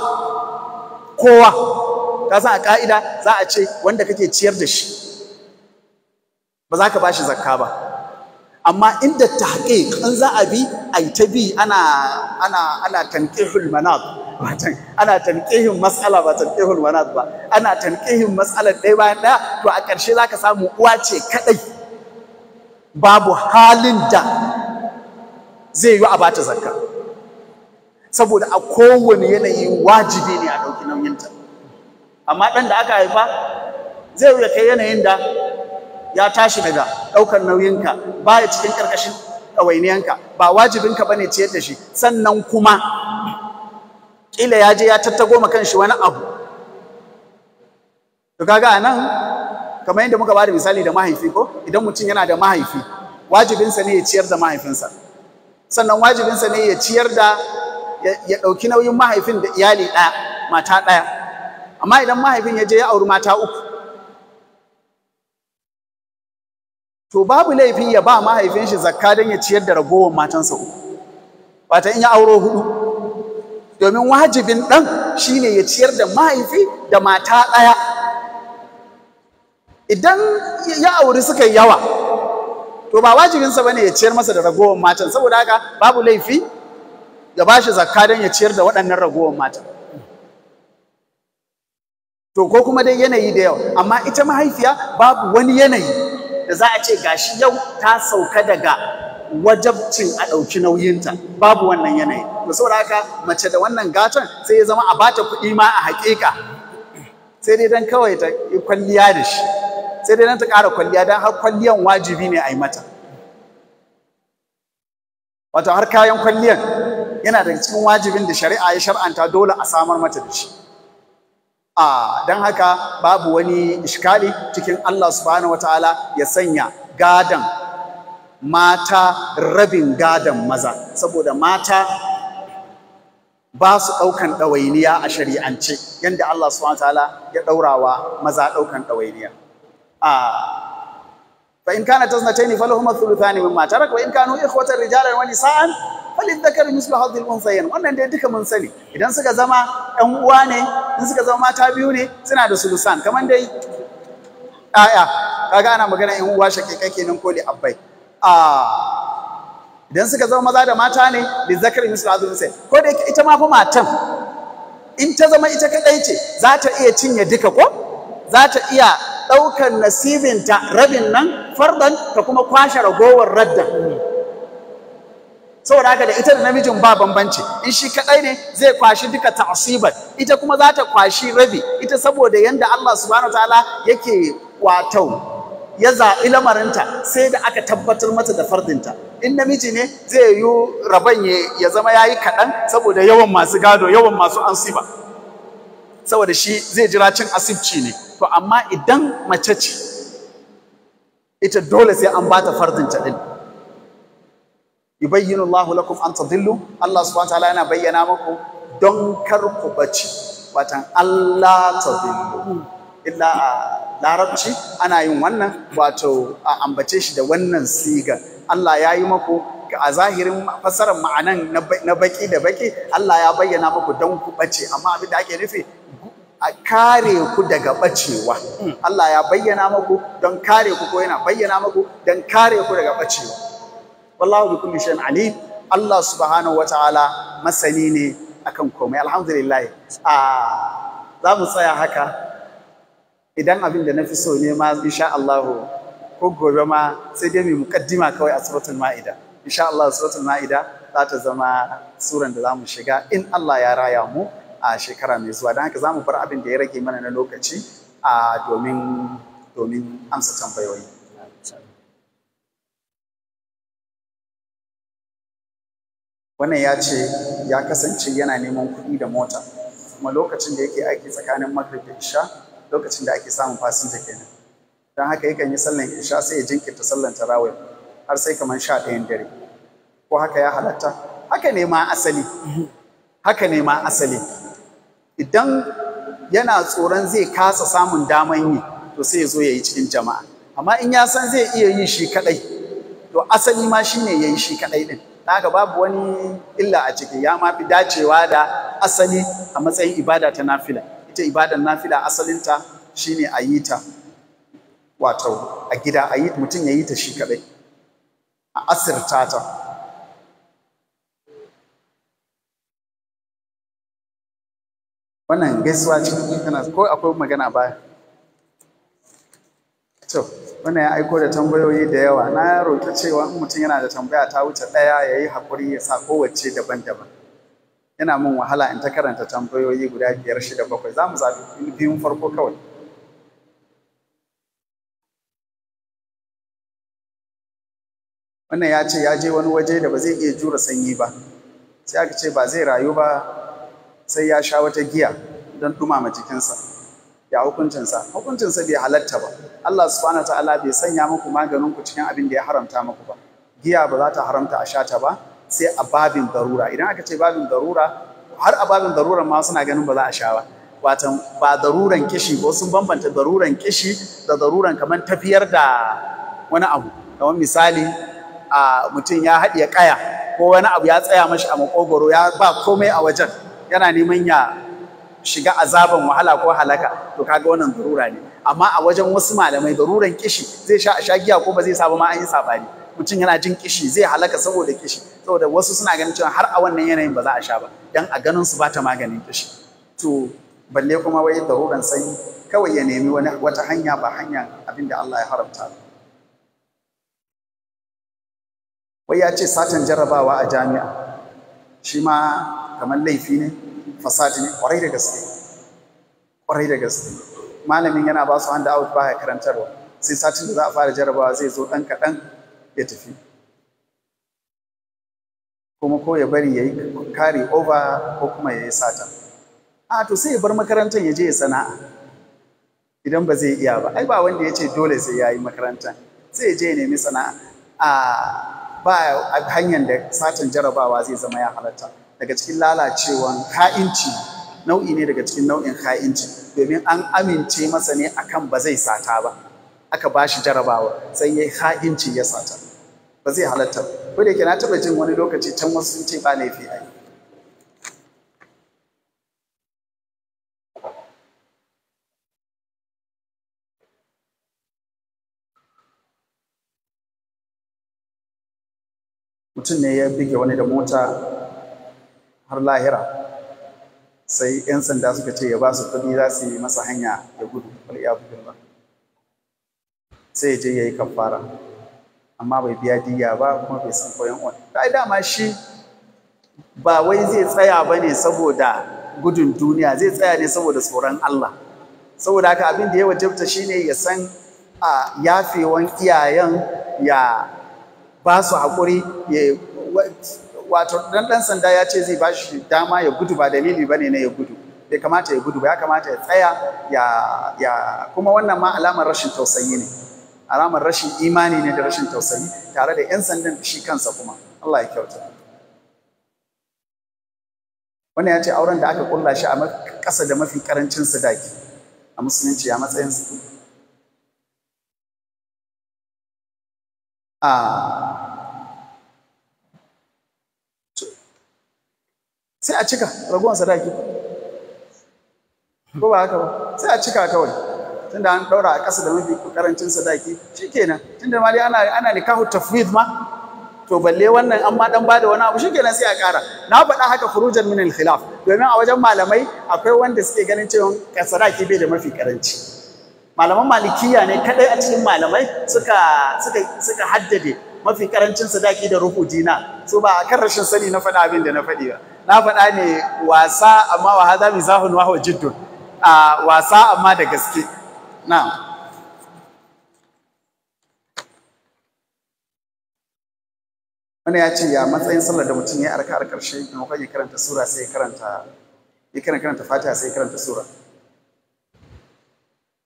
kowa ka san a ƙa'ida za a ce wanda kake ciyar da shi ba za ka ba shi zakka ba amma inda tahqiq in za a bi ai ta bi ana ana ana tanqihul ana tanqihin mas'ala ba tanqihul manat ba ana tanqihin mas'ala ɗaya bayan ɗaya to a ƙarshe zaka samu uwa ce kaɗai, babu halin da zai yi a bata zakka saboda a kowane yanayi wajibi ne a ɗauki nauyinta amma ɗan da aka haifa zai yi kai yanayin da ya tashi daga ɗaukar nauyinka baya cikin ƙarƙashin ɗawainiyanka ba wajibinka bane ciyar da shi sannan kuma ƙila ya je ya tattago ma kanshi wani abu to kaga anan kamar yadda muka bada misali da mahaifi ko idan mutum yana da mahaifi wajibinsa ne ya ciyar da mahaifinsa sannan wajibinsa ne ya ciyar da ya ɗauki nauyin mahaifin da iyali ɗaya mata ɗaya amma idan mahaifin ya je ya auri mata uku to babu laifi ya ba mahaifin shi zakka don ya ciyar da ragowar matansa uku wata in ya auro hudu domin wajibin ɗan shine ya ciyar da mahaifi da mata ɗaya idan ya auri suka yawa to ba wajibinsa bane ya ciyar masa da ragowar matan saboda haka babu laifi ya ba shi zakka don ya ciyar da waɗannan ragowar matan to ko kuma dai yanayi da yawa amma ita mahaifiya babu wani yanayi da za a ce gashi yau ta sauka daga wajabcin a ɗauki nauyinta babu wannan yanayi to saboda haka mace da wannan gatan sai ya zama a bata kuɗi ma a haƙiƙa sai dai dan kawai ta kwalliya da shi sai dai dan ta ƙara kwalliya dan har kwalliyan wajibi ne a yi mata wato har kayan kwalliyan yana da cikin wajibin da shari'a ya shar'anta dole a samar mata da shi a don haka babu wani iskali cikin Allah subhanahu wataala ya sanya gadan mata rabin gadan maza saboda mata ba su ɗaukan ɗawainiya a shari'ance yadda Allah subhanahu wataala ya ɗaurawa maza ɗaukan ɗawainiya a fa in kana taznatayni falahuma thuluthani mimma tarak wa in kanu ikhwatan rijalan wa nisaan falidhakari mislu hadhi al-unthayayn wannan dai duka mun sani idan suka zama ɗan uwa ne in suka zama mata biyu ne suna da sulusan kaman dai aya kaga ana magana ɗan uwa kai kenan ko li abbai idan suka zama maza da mata ne li zakari mislu hadhi al ko dai ita ma fa matan in ta zama ita kadai ce za ta iya cinye duka ko za ta iya ɗaukar nasibinta rabin nan fardan ta kuma kwashe ragowar radda saboda haka da ita da namijin ba bambanci in shi kaɗai ne zai kwashi duka ta'siban ita kuma za ta kwashi rabi ita saboda yanda Allah subhanahu wataala yake wato ya zaɓi lamarinta sai da aka tabbatar mata da fardinta in namiji ne zai yi rabon ya zama yayi yi kaɗan saboda yawan masu gado yawan masu ansiba saboda shi zai jira cin asibci ne to amma idan mace ce ita dole sai an bata farzin ta din yubayyinu Allahu lakum an tadillu Allah subhanahu wataala yana bayyana muku don kar ku bace watan Allah tadillu illa a larabci ana yin wannan wato a ambace shi da wannan siga Allah ya yi muku a zahirin fassarar ma'anan na baki da baki Allah ya bayyana muku don ku bace amma abin da ake nufi a kare ku daga bacewa Allah ya bayyana muku don kare ku ko yana bayyana muku don kare ku daga bacewa wallahu bi kulli shay'in alim Allah subhanahu wataala masani ne akan komai alhamdulillah Ah za mu tsaya haka idan abin da fi so ne ma insha Allah ko gobe ma sai dai mu mukaddima kawai a suratul maida insha Allah suratul maida za ta zama suran da za mu shiga in Allah ya raya mu a shekara mai zuwa don haka za mu bar abin da ya rage mana na lokaci a domin domin amsa tambayoyi wannan ya ce ya kasance yana neman kuɗi da mota kuma lokacin da yake aiki tsakanin magrib isha lokacin da ake samun fasinja kenan don haka yakan yi sallan isha sai ya jinkirta sallan tarawih har sai kamar sha ɗayan dare ko haka ya halatta haka ne ma asali haka ne ma asali idan yana tsoron zai kasa samun daman yi to sai ya zo ya yi cikin jama'a amma in ya san zai iya yi shi kadai to asali ma shine ya yi shi kadai din haka babu wani illa a ciki ya ma fi dacewa da asali a matsayin ibada ta nafila ita ibadar nafila asalinta shine a yi ta wato a gida a yi mutum ya yi ta shi kadai a asirta ta wannan gaisuwa cikin kana ko akwai magana baya to wannan ya aiko da tambayoyi da yawa na roƙi cewa in mutum yana da tambaya ta wuce ɗaya ya yi haƙuri ya sa kowace daban-daban yana min wahala in ta karanta tambayoyi guda biyar shida bakwai za mu zaɓi biyun farko kawai wannan ya ce ya je wani waje da ba zai iya jura sanyi ba sai aka ce ba zai rayu ba sai ya sha wata giya don dumama jikinsa ya hukuncinsa hukuncinsa bai halatta ba Allah subhanahu ta'ala bai sanya muku maganin ku cikin abin da ya haramta muku ba giya ba za ta haramta a sha ta ba sai a babin darura idan aka ce babin darura har a babin daruran ma suna ganin ba za a sha ba Wata ba daruran kishi ko sun bambanta daruran kishi da daruran kamar tafiyar da wani abu kamar misali a mutum ya haɗiye ƙaya, ko wani abu ya tsaya mashi a makogoro ya ba komai a wajen yana neman ya shiga azaban wahala ko halaka to kaga wannan darura ne amma a wajen wasu malamai daruran kishi zai sha a sha giya ko ba zai saba ma an yi sabani mutum yana jin kishi zai halaka saboda kishi saboda wasu suna ganin cewa har a wannan yanayin ba za a sha ba dan a ganin su bata maganin kishi to balle kuma wai daruran sanyi kawai ya nemi wani wata hanya ba hanya da Allah ya haramta wai ya ce satan jarrabawa a jami'a shi ma kamar laifi ne fasadi ne kwarai da gaske kwarai da gaske malamin yana ba su hand out ba ya karantarwa sai satin da za a fara jarabawa zai zo ɗan kaɗan ya tafi kuma ko ya bari ya yi kare over ko kuma ya yi satan a to sai ya bar makarantar ya je ya sana'a idan ba zai iya ba ai ba wanda ya ce dole sai ya yi makarantar sai ya je ya nemi sana'a a ba hanyar da satan jarabawa zai zama ya halatta daga cikin lalacewan ha'inci nau'i ne daga cikin nau'in ha'inci domin an amince masa ne akan ba zai sata ba aka ba shi jarabawa sai ya ha'inci ya sata ba zai halatta ko da yake na taba jin wani lokaci can wasu sun ce ba fi ai mutum ne ya buge wani da mota har lahira sai 'yan sanda suka ce ya ba su kuɗi za su yi masa hanya ya gudu bugun ba sai ya je ya yi kafara amma bai biya diya ba kuma bai san koyon wani ai dama shi ba wai zai tsaya ba ne saboda gudun duniya zai tsaya ne saboda tsoron Allah saboda haka abin da ya wajabta shine ya san a yafewan iyayen ya ba su haƙuri wato dan dan sanda ya ce zai bashi dama ya gudu ba dalili bane na ya gudu bai kamata ya gudu ba ya kamata ya tsaya ya ya kuma wannan ma alamar rashin tausayi ne alamar rashin imani ne da rashin tausayi tare da yan sandan shi kansa kuma Allah ya kyauta wannan ya ce auren da aka kulla shi a kasa da mafi karancin sadaki a musulunci a matsayin su. Ah, sai a cika ragowar sadaki ko ba haka ba sai a cika kawai tunda an daura a ƙasa da mafi karancin sadaki shikenan tunda ma ana ana nikahu tafwid ma to balle wannan an ma dan bada wani abu shikenan sai a ƙara na faɗa haka furujan min al-khilaf domin a wajen malamai akwai wanda suke ganin cewa sadaki bai da mafi karanci malaman malikiya ne kadai a cikin malamai suka suka suka haddade mafi karancin sadaki da ruhu dina so ba kan rashin sani na faɗa abin da na faɗi ba na faɗa ne wasa amma wa haza mai wa huwa jiddun a wasa amma da gaske na. wani ya ce ya matsayin sallar da mutum ya arka a ƙarshe maimakon ya karanta sura sai ya karanta ya karanta fatiha sai ya karanta sura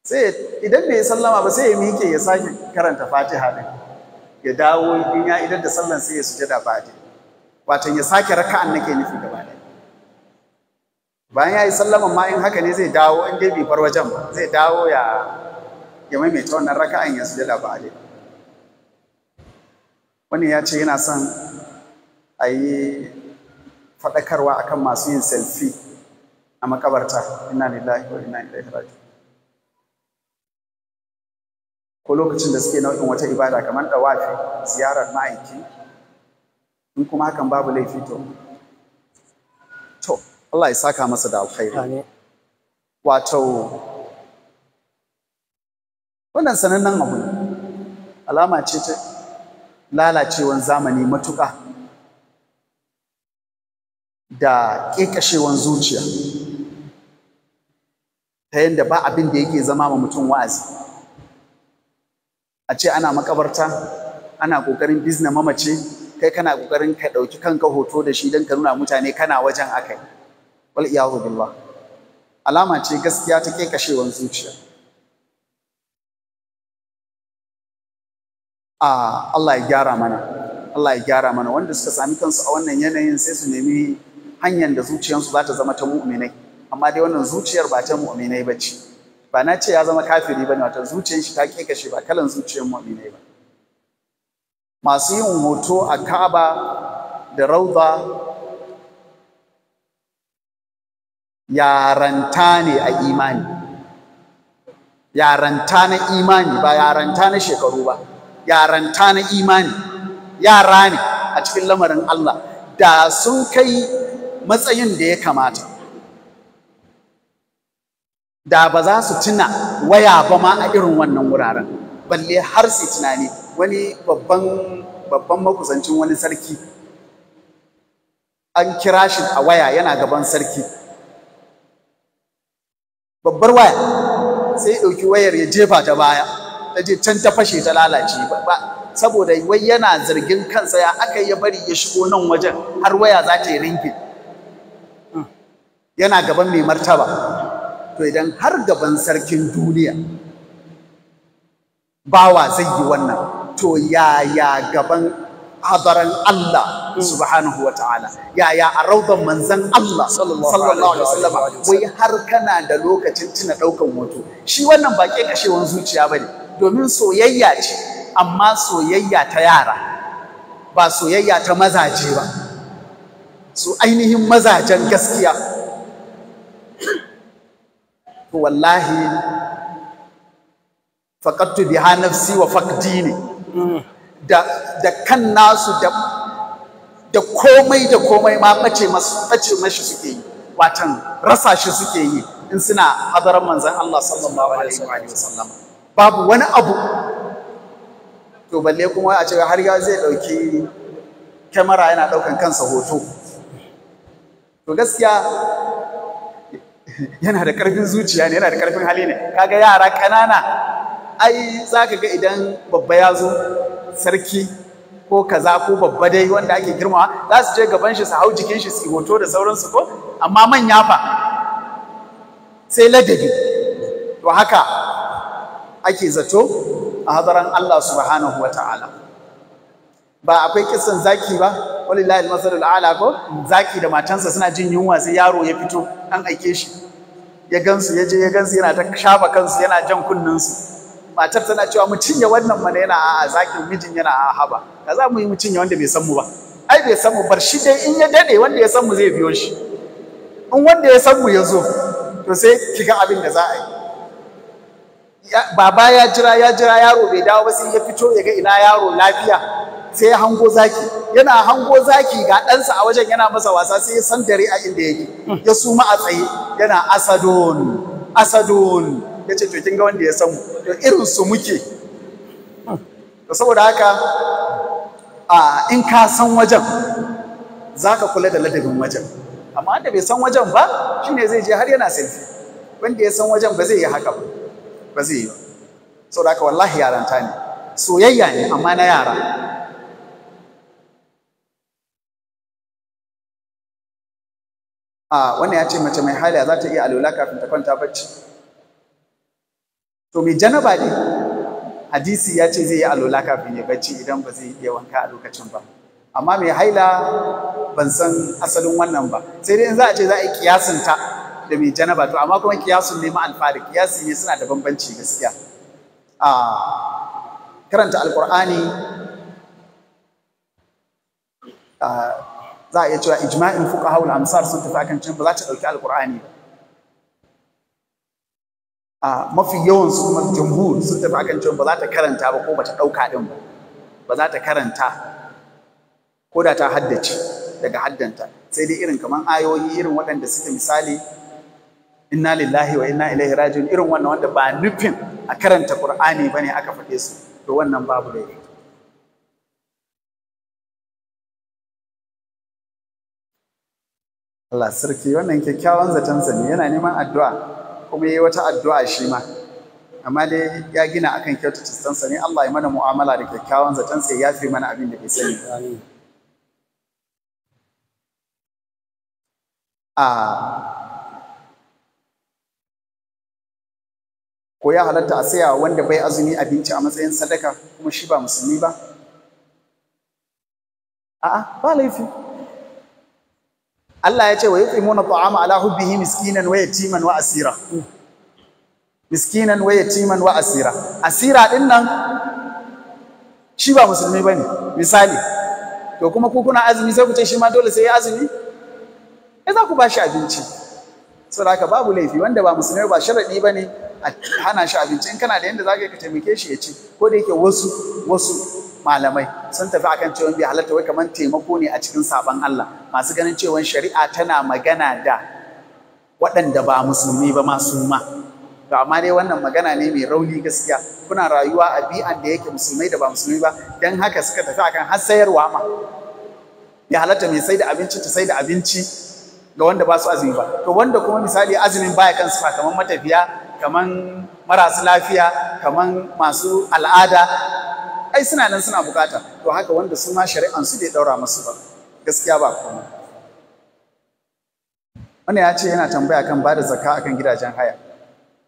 sai idan bai sallama ba sai ya miƙe ya sake karanta fatiha din ya dawo in ya idan da sallan sai ya sujada ba wato ya sake raka'an nake nufi gaba ɗaya bayan ya yi sallaman ma in haka ne zai dawo in dai bai bar wajen ba zai dawo ya ya maimaita wannan raka'an ya sujada ba alai wani ya ce yana son a yi faɗakarwa akan masu yin selfi a makabarta inna lillahi wa inna ilaihi raji'un ko lokacin da suke nau'in wata ibada kamar dawafi ziyarar ma'aiki in kuma hakan babu laifi to to Allah ya saka masa da alkhairi wato wannan sanannen abu alama ce ta lalacewan zamani matuƙa da ƙeƙashewan zuciya ta yadda ba abin da yake zama ma mutum wa'azi a ce ana makabarta ana ƙoƙarin bizna mamace kai kana kokarin ka ɗauki kanka hoto da shi don ka nuna mutane kana wajen akai wal iyahu billah alama ce gaskiya ta kashewan zuciya a Allah ya gyara mana Allah ya gyara mana wanda suka sami kansu a wannan yanayin sai su nemi hanyar da zuciyarsu za ta zama ta mu'minai amma dai wannan zuciyar ba ta mu'minai ba ce ba na ce ya zama kafiri ba ne wata zuciyar shi ta kekashe ba kalan zuciyar mu'minai ba masu yin hoto a Ka'aba da Rauza yaranta ne a imani yaranta na imani ba yaranta na shekaru ba yaranta na imani yara ne a cikin lamarin Allah da sun kai matsayin da ya kamata da ba za su tuna waya ba ma a irin wannan wuraren balle har su tunani wani babban makusancin wani sarki an kira shi a waya yana gaban sarki babbar waya sai ya ɗauki wayar ya jefa ta baya ta je can ta fashe ta lalace ba saboda wai yana zargin kansa ya aka ya bari ya shigo nan wajen har waya za ta yi rinke hmm. yana gaban mai martaba to idan har gaban sarkin duniya bawa zai yi wannan to yaya gaban hadaran Allah mm. subhanahu wa ta'ala yaya a raudan manzan Allah sallallahu alaihi wasallam wai har kana da lokacin tuna daukan hoto shi wannan ba ke kashewan zuciya bane domin soyayya ce amma soyayya ta yara ba soyayya ta mazaje ba su ainihin mazajen gaskiya to wallahi faqattu biha nafsi wa faƙdi ne da kan nasu da komai da komai ma ɓace mashi suke yi watan rasa shi suke yi in suna hadarar manzan Allah sallallahu alaihi wa sallam babu wani abu to balle kuma a cewa har ya zai ɗauki kyamara yana ɗaukan kansa hoto to gaskiya yana da ƙarfin zuciya ne yana da ƙarfin hali ne kaga yara ƙanana. ai za ka ga idan babba ya zo sarki ko kaza ko babba dai wanda ake girmawa za su je gaban shi su hau jikin shi su hoto da sauransu ko amma manya fa sai ladabi to haka ake zato a hadaran Allah subhanahu wa ta'ala ba akwai kisan zaki ba walillahi almasalul ala ko zaki da matansa suna jin yunwa sai yaro ya fito an aike shi ya gansu ya je ya gansu yana ta shafa kansu yana jan su matar tana cewa mu cinye wannan mana yana a'a zakin mijin yana a'a haba ka za mu yi mu cinye wanda bai san mu ba ai bai san mu bar shi dai in ya dade wanda ya san mu zai biyo shi in wanda ya san mu ya zo to sai kiga abin da za a yi baba ya jira ya jira yaro bai dawo ba sai ya fito ya ga ina yaro lafiya sai ya hango zaki yana hango zaki ga ɗansa a wajen yana masa wasa sai ya san dare a inda yake ya suma a tsaye yana asadon asadon ya ce to kin ga wanda ya san mu to irin su muke to saboda haka a in ka san wajen zaka kula da ladabin wajen amma wanda bai san wajen ba shine zai je har yana selfie wanda ya san wajen ba zai yi haka ba ba zai yi ba saboda haka wallahi yaranta ne soyayya ne amma na yara a wannan ya ce mace mai haila za ta iya alola kafin ta kwanta bacci to mai janaba ne hadisi ya ce zai yi alola kafin ya bacci idan ba zai iya wanka a lokacin ba amma mai haila ban san asalin wannan ba sai dai in za a ce za a yi kiyasinta da mai janaba to amma kuma kiyasin ne da Kiyasin ne suna da bambanci gaskiya a karanta alkur'ani za a iya cewa ijma'in fuka haul amsar sun tafi akan cin ba za ta ɗauki alkur'ani ba a mafi yawan su jamhur sun tafi akan cewa ba za ta karanta ba ko ba ta ɗauka ɗin ba ba za ta karanta ko da ta haddace daga haddanta sai dai irin kamar ayoyi irin waɗanda suke misali inna lillahi wa inna ilaihi rajiun irin wannan wanda ba nufin a karanta qur'ani bane aka faɗe su to wannan babu dai Allah sarki wannan kyakkyawan zaton sa ne yana neman addu'a kuma yi wata addu'a shi ma amma dai ya gina akan kyautata sansa Allah ya mana mu'amala da kyakkyawan zaton sai ya fi mana abin da bai sani a ko ya halatta a saya wanda bai azumi abinci a matsayin sadaka kuma shi ba musulmi ba a'a ba laifi Allah ya ce wa yut'imuna ta'ama ala hubbihi miskinan wa yatiman wa asira miskinan wa yatiman wa asira asira din nan shi ba musulmi bane misali to kuma ku kuna azumi sai ku ce shi ma dole sai ya azumi eh za ku ba shi abinci saboda haka babu laifi wanda ba musulmi ba sharadi bane a hana shi abinci in kana da yanda zaka ka taimake shi ya ci ko da yake wasu wasu malamai sun tafi akan cewa bai halatta wai kamar taimako ne a cikin saban Allah masu ganin cewa shari'a tana magana da waɗanda ba musulmi ba masu ma to amma dai wannan magana ne mai rauni gaskiya kuna rayuwa a bi'an da yake musulmai da ba musulmi ba dan haka suka tafi akan har sayarwa ma ya halatta mai sai da abinci ta sai da abinci ga wanda ba su azumi ba to wanda kuma misali azumin baya kansu kamar matafiya kaman marasu lafiya kaman masu al'ada ai suna nan suna bukata to haka wanda su ma shari'an su bai daura musu ba gaskiya ba kuma. Wani ya ce yana tambaya kan bada zakka akan gidajen haya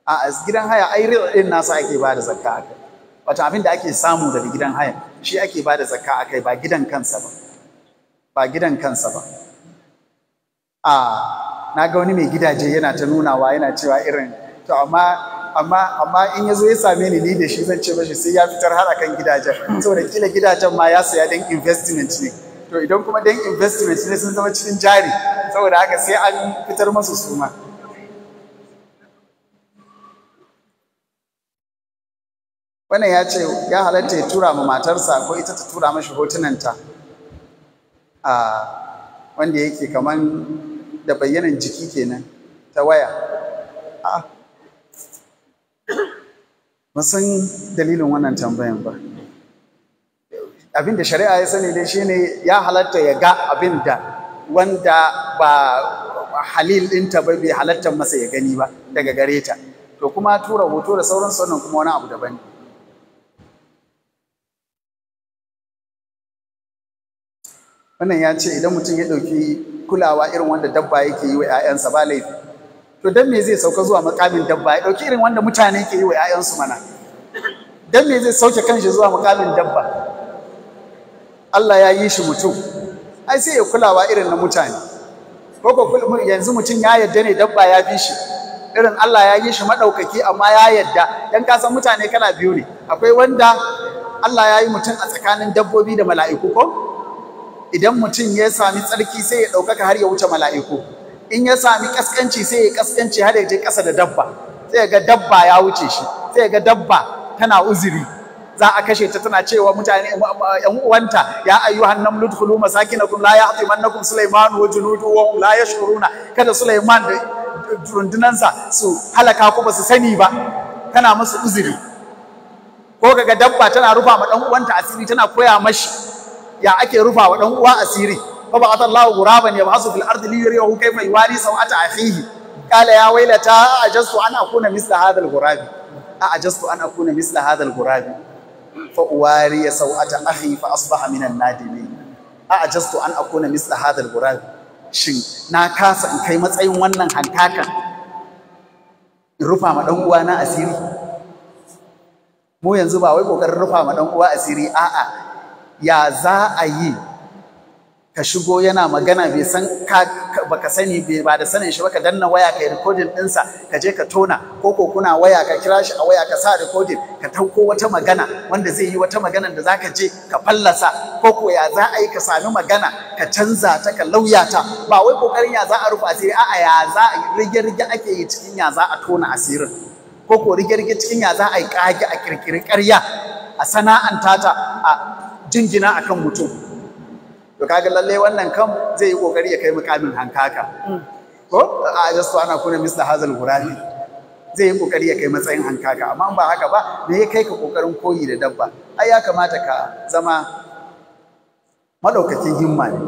a gidan haya ai real din nasa ake bada zakka akai wato abin da ake samu daga gidan haya shi ake bada zakka akai ba gidan kansa ba ba gidan kansa ba a na ga wani mai gidaje yana ta nunawa yana cewa irin to amma amma amma in yazo ya same ni ni da shi zan ce mashi sai ya fitar har akan gidajen saboda kila gidajen ma ya saya dan investment ne to idan kuma dan investment ne sun zama cikin jari saboda haka sai an fitar masu suma wannan ya ce ya halatta ya tura ma matarsa ko ita ta tura mashi hotunanta a wanda yake kaman da bayyanan jiki kenan ta waya a ah, mun san dalilin wannan tambayan ba abin da shari'a ya sani dai shine ya halatta ya ga abin da wanda ba halil ɗinta ba bai halatta masa ya gani ba daga gare ta to kuma tura hoto da sauran sannan kuma wani abu daban wannan ya ce idan mutum ya ɗauki kulawa irin wanda dabba yake yi wa 'ya'yansa ba laifi to dan me zai sauka zuwa makamin dabba ya dauki irin wanda mutane ke yi wa 'ya'yansu mana dan me zai sauke kanshi zuwa makamin dabba Allah ya yi shi mutum ai sai ya kulawa irin na mutane ko yanzu mutum ya yadda ne dabba ya bi shi irin Allah ya yi shi maɗaukaki amma ya yadda dan ka san mutane kana biyu ne akwai wanda Allah ya yi mutum a tsakanin dabbobi da mala'iku ko idan mutum ya sami tsarki sai ya ɗaukaka har ya wuce mala'iku in ya sami kaskanci sai ya kaskanci har ya je kasa da dabba sai ga dabba ya wuce shi sai ga dabba tana uzuri za a kashe ta tana cewa mutane yan uwanta ya ayyuhan nam ludkhulu masakinakum la ya'timannakum sulaiman wa junuduhu wa hum la yashuruna kada sulaiman da rundunansa su halaka ku ba su sani ba tana musu uzuri ko kaga dabba tana rufa ma dan uwanta asiri tana koya mashi ya ake rufa wa dan uwa asiri فبعث الله غرابا يبعث في الارض ليريه كيف يواري سوءة اخيه قال يا ويلتى اعجزت ان اكون مثل هذا الغراب اعجزت ان اكون مثل هذا الغراب فاواري سوءة اخي فاصبح من النادمين اعجزت ان اكون مثل هذا الغراب shin na kasa in kai matsayin wannan hankakan in rufa ma dan uwana asiri mu yanzu ba wai kokarin rufa ma dan uwa asiri a'a ya za a yi ka shigo yana magana bai san ka baka sani bai ba da sanin shi ba ka danna waya ka recording ɗinsa ka je ka tona ko ko kuna waya ka kira shi a waya ka sa recording ka tauko wata magana wanda zai yi wata magana da zaka je ka fallasa ko ya za a yi ka sami magana ka canza ta ka lauya ta ba wai kokarin ya za a rufe asiri a'a ya za a rige rige ake yi cikin ya za a tona asirin ko ko rigirgi cikin ya za a yi kage a kirkiri ƙarya a sana'anta ta a jingina akan mutum to kaga lalle wannan kan zai yi kokari ya kai mukamin hankaka ko a jastu ana kuna Mr hazal gurani zai yi kokari ya kai matsayin hankaka amma ba haka ba me ya kai ka kokarin koyi da dabba ai ya kamata ka zama madaukakin himma ne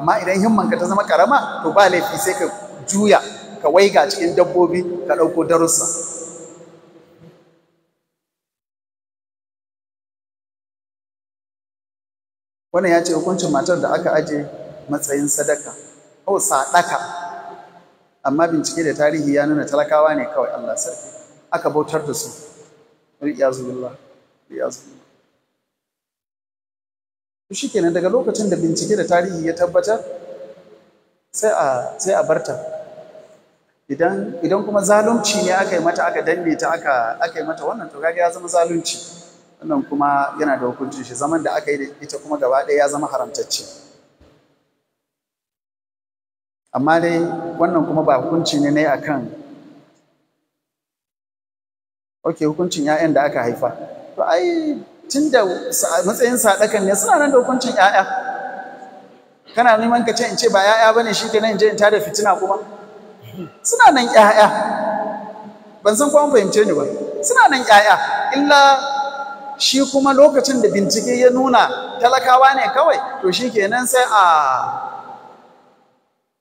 amma idan himman ka ta zama karama to ba laifi sai ka juya ka waiga cikin dabbobi ka ɗauko darussa wannan ya ce hukuncin matar da aka aje matsayin sadaka ko sadaka amma bincike da tarihi ya nuna talakawa ne kawai Allah sarki aka bautar da su riyazu billah riyazu to daga lokacin da bincike da tarihi ya tabbatar sai a sai a barta idan idan kuma zalunci ne aka yi mata aka danne ta aka aka yi mata wannan to kaga ya zama zalunci wannan kuma yana da hukuncin shi zaman da aka yi da ita kuma gaba ɗaya ya zama haramtacce amma dai wannan kuma ba hukunci ne ne akan ok hukuncin 'ya'yan da aka haifa to ai tun da matsayin sadakan ne suna nan da hukuncin 'ya'ya kana neman ka ce in ce ba 'ya'ya bane shi nan in je in tada fitina kuma suna nan 'ya'ya ban san kuma fahimce ni ba suna nan 'ya'ya illa shi kuma lokacin da bincike ya nuna talakawa ne kawai to shi kenan sai a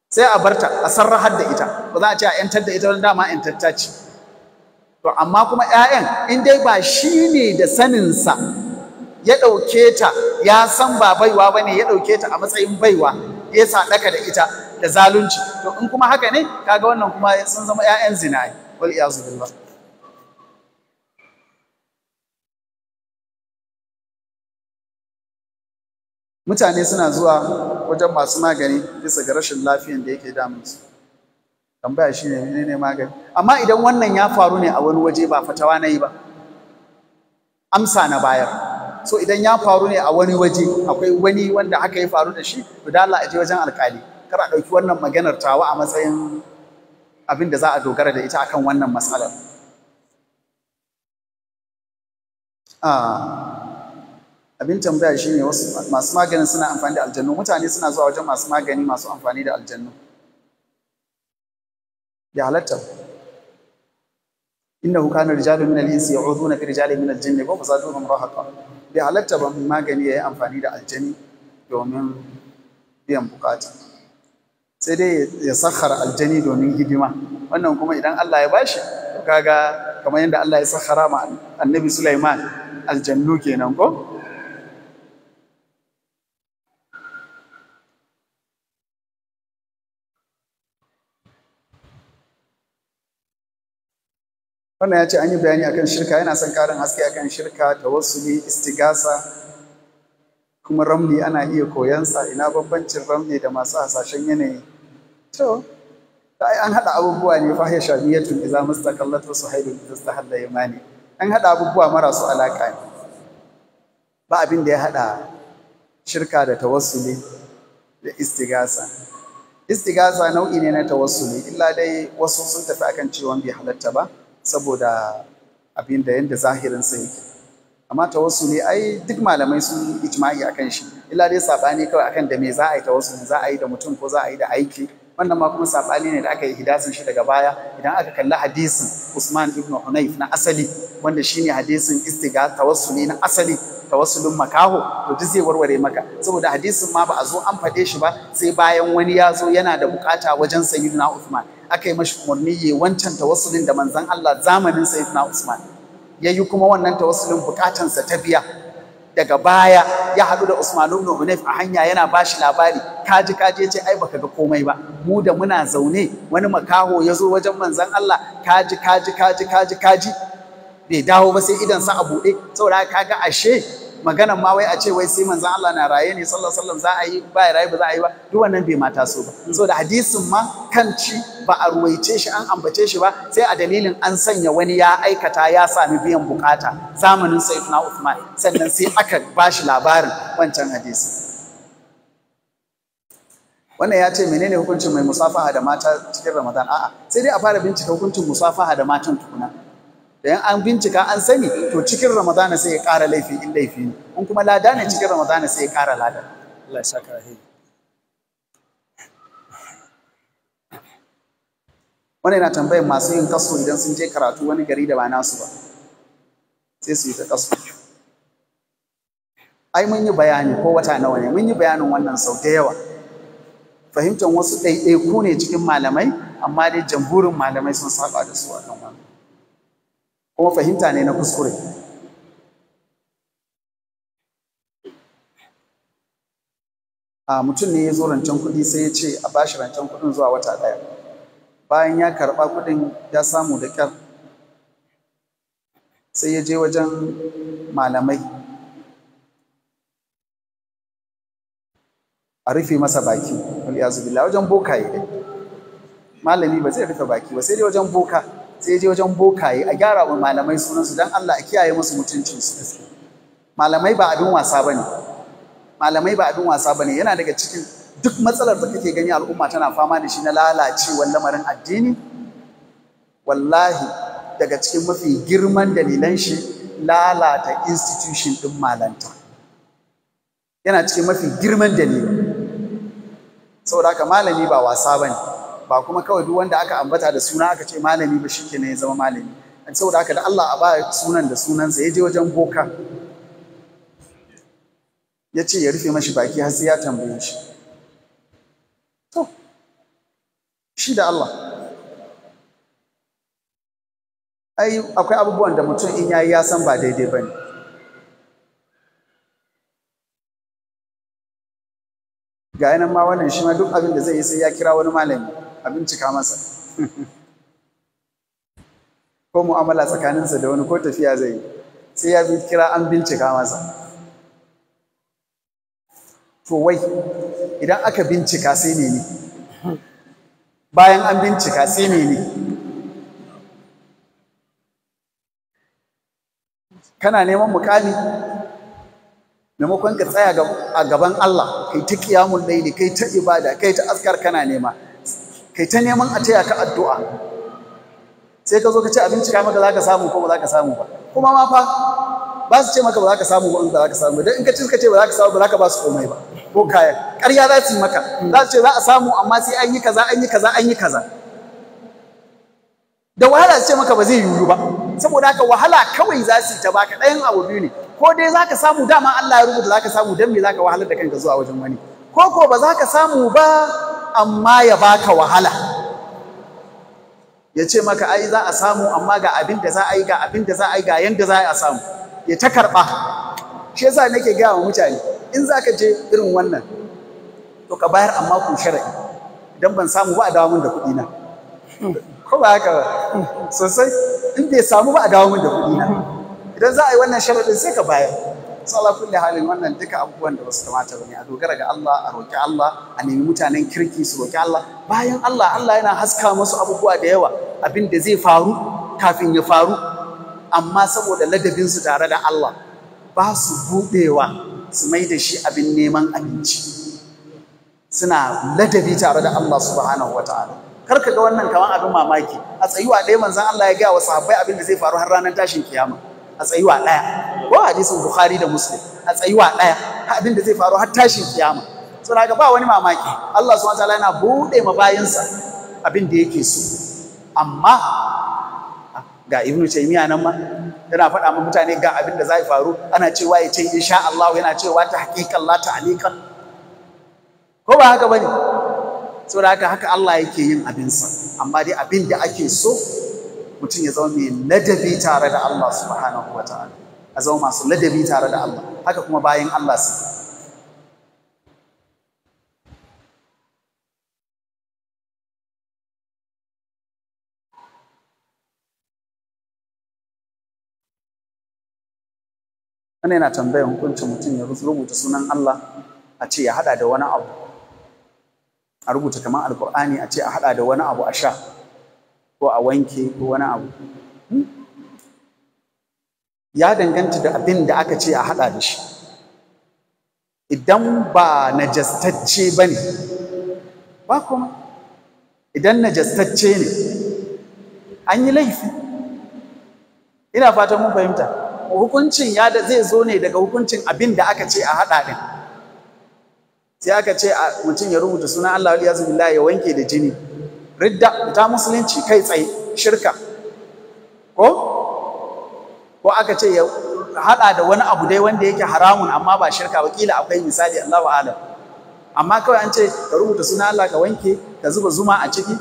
sai a barta a sarrahar da ita ba za a ce a yantar da ita wani dama yantarta ce to amma kuma 'ya'yan in dai ba shi ne da saninsa ya ɗauke ta ya san ba baiwa ba ne ya ɗauke ta a matsayin baiwa ya saɗaka da ita da zalunci to in kuma haka ne kaga wannan kuma sun zama 'ya'yan zinari wal iyazu billah mutane suna zuwa wajen masu magani bisa ga rashin lafiyan da yake damun su tambaya shine menene magani amma idan wannan ya faru ne a wani waje ba fatawa na yi ba amsa na bayar so idan ya faru ne a wani waje akwai wani wanda haka ya faru da shi to da Allah a je wajen alkali kar a ɗauki wannan maganar tawa a matsayin abin da za a dogara da ita akan wannan matsalar. Ah, abin tambaya shine wasu masu maganin suna amfani da aljannu mutane suna zuwa wajen masu magani masu amfani da aljannu ya halatta innahu kana rijalun min al fi ya'uduna bi rijalin min al-jinni wa fasaduhum rahaqa bi halatta ban magani yayi amfani da aljani domin biyan bukata sai dai ya sakhara aljani domin hidima wannan kuma idan Allah ya bashi kaga kamar yadda Allah ya sakhara ma annabi Sulaiman aljannu kenan ko wannan ya ce an yi bayani akan shirka yana son karin haske akan shirka ta ne istigasa kuma ramli ana iya koyansa ina bambancin ramli da masu hasashen yanayi to ai an haɗa abubuwa ne fa ya shafiyatun idza mustaqallat wa da idza istahalla yamani an haɗa abubuwa marasu alaƙa ne ba abin da ya haɗa shirka da tawassuli da istigasa istigasa nau'i ne na tawassuli illa dai wasu sun tafi akan cewa bai halatta ba saboda abin da yanda zahirin sa yake amma ne ai duk malamai sun ijma'i akan shi illa dai sabani kawai akan da me za a yi ta wasu za a yi da mutum ko za a yi da aiki wannan ma kuma sabani ne da aka yi hidasin shi daga baya idan aka kalli hadisin Usman ibn Hunayf na asali wanda shine hadisin istiga ne na asali tawassulin makaho to duk zai warware maka saboda hadisin ma ba a zo an faɗe shi ba sai bayan wani ya zo yana da bukata wajen sayyidina Usman. aka yi mashi umarni ya wancan tawassulin da manzon Allah zamanin sayyidina Usman yayi kuma wannan tawassulin bukatansa ta biya daga baya ya haɗu da Usman ibn Hunayf a hanya yana ba shi labari kaji kaji ce ai baka ga komai ba mu da muna zaune wani makaho ya zo wajen manzon Allah kaji kaji kaji kaji kaji bai dawo ba sai idan sa a buɗe saboda kaga ashe maganan ma wai a ce wai sai manzon Allah na raye ne sallallahu alaihi wasallam za a yi ba ya raye ba za a yi ba duk wannan bai mata so ba saboda hadisin ma kan ci ba a ruwaice shi an ambace shi ba sai a dalilin an sanya wani ya aikata ya sami biyan bukata zamanin sayyidina Uthman sannan sai aka bashi labarin wancan hadisi wannan ya ce menene hukuncin mai musafaha da mata cikin Ramadan a'a sai dai a fara bincika hukuncin musafaha da matan tukuna da an bincika an sani to cikin ramadana sai ya ƙara laifi in laifi ne in kuma lada ne cikin ramadana sai ya ƙara lada Allah ya saka rahimi wani yana tambayar masu yin kaso idan sun je karatu wani gari da ba nasu ba sai su yi ta kaso ai mun yi bayani ko wata nawa ne mun yi bayanin wannan sau da yawa fahimtar wasu ɗaiɗaiku ne cikin malamai amma dai jamhurin malamai sun saba da su a kan wannan kuma fahimta ne na kuskure a mutum ne ya zo rancen kuɗi sai ya ce a bashi rancen kuɗin zuwa wata daya. bayan ya karɓa kuɗin ya samu da kyar. sai ya je wajen malamai a rufe masa baki wajen bokaye malami ba zai rufe baki ba sai dai wajen boka sai je wajen bokaye a gyara wa malamai sunansu don Allah a kiyaye musu mutuncinsu malamai ba abin wasa ba ne malamai ba abin wasa ba ne yana daga cikin duk matsalar da kake gani al'umma tana fama da shi na lalacewar lamarin addini wallahi daga cikin mafi girman dalilan shi lalata institution ɗin malanta yana cikin mafi girman dalilin saboda haka malami ba wasa ba ne ba kuma kawai duk wanda aka ambata da suna aka ce malami ba shi kenan ya zama malami an saboda haka da Allah a ba sunan da sunansa ya je wajen boka ya ce ya rufe mashi baki har sai ya tambaye shi to shi da Allah ai akwai abubuwan da mutum in yayi ya san ba daidai bane ga yanan ma wannan shi ma duk abin da zai yi sai ya kira wani malami a bincika masa ko mu'amala tsakaninsa da wani ko tafiya zai yi sai ya kira an bincika masa to wai idan aka bincika sai ne ne bayan an bincika sai ne ne kana neman mukami maimakon ka tsaya a gaban Allah kai ta kiyamun laili kai ta ibada kai ta askar kana nema kai ta neman a taya ka addu'a sai ka zo ka ci abinci ka maka zaka samu ko ba zaka samu ba kuma ma fa ba su ce maka ba za ka samu ba in ba za ka samu dan in ka ci suka ce ba za ka samu ba za ka ba su komai ba ko kayan ƙarya za su yi maka za su ce za a samu amma sai an yi kaza an yi kaza an yi kaza da wahala su ce maka ba zai yiwu ba saboda haka wahala kawai za su ta baka ɗayan abu biyu ne ko dai za ka samu dama Allah ya rubuta za ka samu don me za ka wahalar da kanka zuwa wajen wani ko ko ba za ka samu ba amma ya baka wahala ya ce maka ai za a samu amma ga abin da za a yi ga abin da za a yi ga yanda za a samu ya ta karɓa shi yasa nake gaya wa mutane in za ka je irin wannan to ka bayar amma ku shara'i idan ban samu ba a dawo min da kuɗi na ko ba haka ba sosai in bai samu ba a dawo min da kuɗi na idan za a yi wannan sharadin sai ka bayar su ala halin wannan duka abubuwan da wasu kamata bane a dogara ga Allah a roki Allah a nemi mutanen kirki su roki Allah bayan Allah Allah yana haska masu abubuwa da yawa abin da zai faru kafin ya faru amma saboda ladabinsu tare da Allah ba su buɗewa su mai da shi abin neman abinci suna ladabi tare da Allah subhanahu wa ta'ala kar ka ga wannan kaman abin mamaki a tsayuwa ɗaya manzon Allah ya gaya wa sahabbai abin da zai faru har ranar tashin kiyama a tsayuwa ɗaya ko hadisin Bukhari da Muslim a tsayuwa ɗaya abin da zai faru har tashin kiyama so daga ba wani mamaki Allah subhanahu wataala yana buɗe ma bayansa abin da yake so amma ah, ga Ibnu taymiya nan ma yana faɗa ma mutane ga abin da zai faru ana cewa ya ce insha Allah yana cewa ta haqiqan la ta'liqan ko ba haka bane saboda haka haka Allah yake yin abinsa amma dai abin da ake so mutum ya zama mai ladabi tare da Allah subhanahu wa ta'ala a zama masu ladabi tare da Allah haka kuma bayan Allah su Wannan yana tambayar hukuncin mutum ya rubuta sunan Allah a ce ya hada da wani abu a rubuta kamar alkur'ani a ce a haɗa da wani abu a sha ko a wanke ko wani abu hmm? ya danganta da abin da aka ce a haɗa da shi idan ba najastacce ba ne ba kuma idan najastacce ne an yi laifi ina fatan mun fahimta hukuncin ya zai zo ne daga hukuncin abin da aka ce a haɗa ɗin sai aka ce mutum ya rubuta sunan Allah wali yazu billahi ya wanke da jini ridda ta musulunci kai tsaye shirka ko ko aka ce ya hada da wani abu dai wanda yake haramun amma ba shirka ba kila akwai misali Allahu a'lam amma kawai an ce ka rubuta sunan Allah ka wanke ka zuba zuma a ciki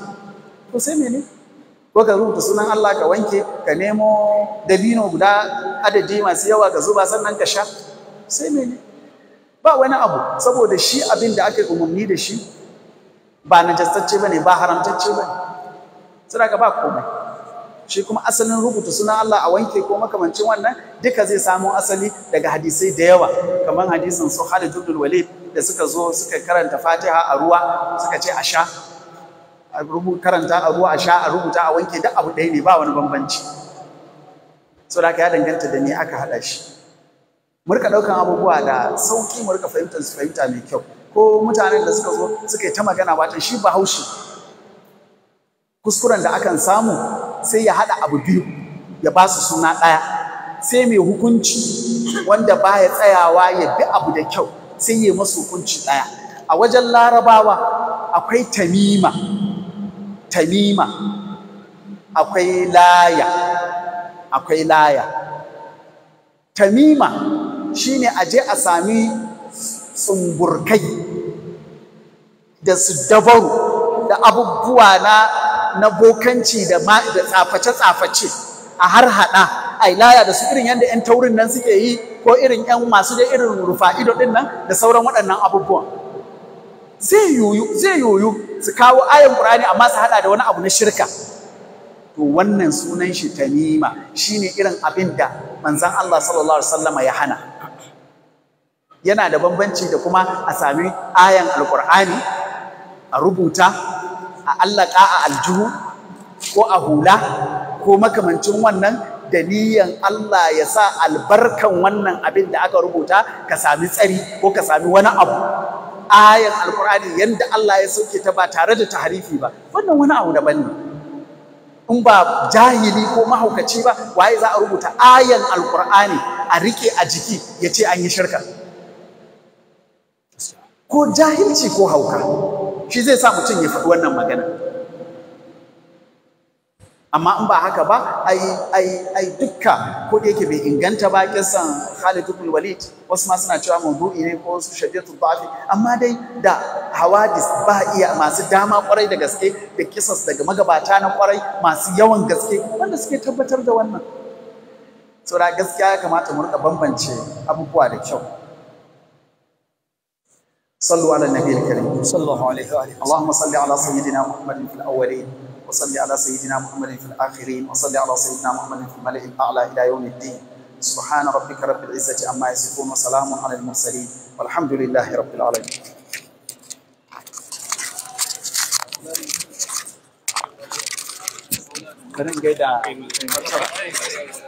Ko sai mene ko ka rubuta sunan Allah ka wanke ka nemo dabino guda adadi masu yawa ka zuba sannan ka sha sai mene ba wani abu saboda shi abin da aka umarni da shi ba na jastacce ba ne ba haramtacce ba ne ka ba komai shi kuma asalin rubuta suna Allah a wanke ko makamancin wannan duka zai samu asali daga hadisai da yawa kamar hadisin su hada jubil Walid da suka zo suka karanta Fatiha a ruwa suka ce a sha a karanta a ruwa a sha a rubuta a wanke duk abu ɗaya ne ba wani bambanci saboda haka ya danganta da ni aka haɗa shi mu ɗaukan abubuwa da sauƙi mu rika fahimtar su fahimta mai kyau ko mutanen da suka zo suka yi ta magana watan shi bahaushe kuskuren da akan samu sai ya haɗa abu biyu ya ba su suna ɗaya sai mai hukunci wanda ba ya tsayawa ya bi abu da kyau sai ya masu hukunci ɗaya a wajen larabawa akwai tamima tamima akwai laya akwai laya tamima Shi ne a je a sami tsumburkai da su dabaru da abubuwa na na bokanci da tsaface-tsaface a har hada A ilaya da su irin yadda 'yan taurin nan suke yi ko irin 'yan masu da irin rufa ido din nan da sauran waɗannan abubuwan zai yoyu su kawo ayan ƙur'ani amma su hada da wani abu na shirka to wannan sunan shi tanima shine irin abin da manzon Allah sallallahu alaihi wasallama ya hana yana da bambanci da kuma a sami ayan alkur'ani a rubuta a allaka a aljihu ko a hula ko makamancin wannan da niyan Allah ya sa albarkan wannan abin da aka rubuta ka sami tsari ko ka sami wani abu ayan alkur'ani yadda Allah ya sauke ta ba tare da taharifi ba wannan wani abu daban ne in ba jahili ko mahaukaci ba waye za a rubuta ayan alkur'ani a rike a jiki ya ce an yi shirka ko jahilci ko hauka shi zai sa mutum ya faɗi wannan magana amma in ba haka ba ai ai dukka ko da yake bai inganta ba kisan Khalid ibn Walid wasu ma suna cewa mawdu'i ne ko su shaddatu dhafi amma dai da hawadis ba iya masu dama kwarai da gaske da kisas daga magabata na kwarai masu yawan gaske wanda suke tabbatar da wannan saboda gaskiya ya kamata mu rika bambance abubuwa da kyau صلوا على النبي الكريم صلى الله عليه وآله اللهم صل على سيدنا محمد في الأولين وصل على سيدنا محمد في الآخرين وصل على سيدنا محمد في الملئ الأعلى إلى يوم الدين سبحان ربك رب العزة عما يصفون وسلام على المرسلين والحمد لله رب العالمين Terima kasih.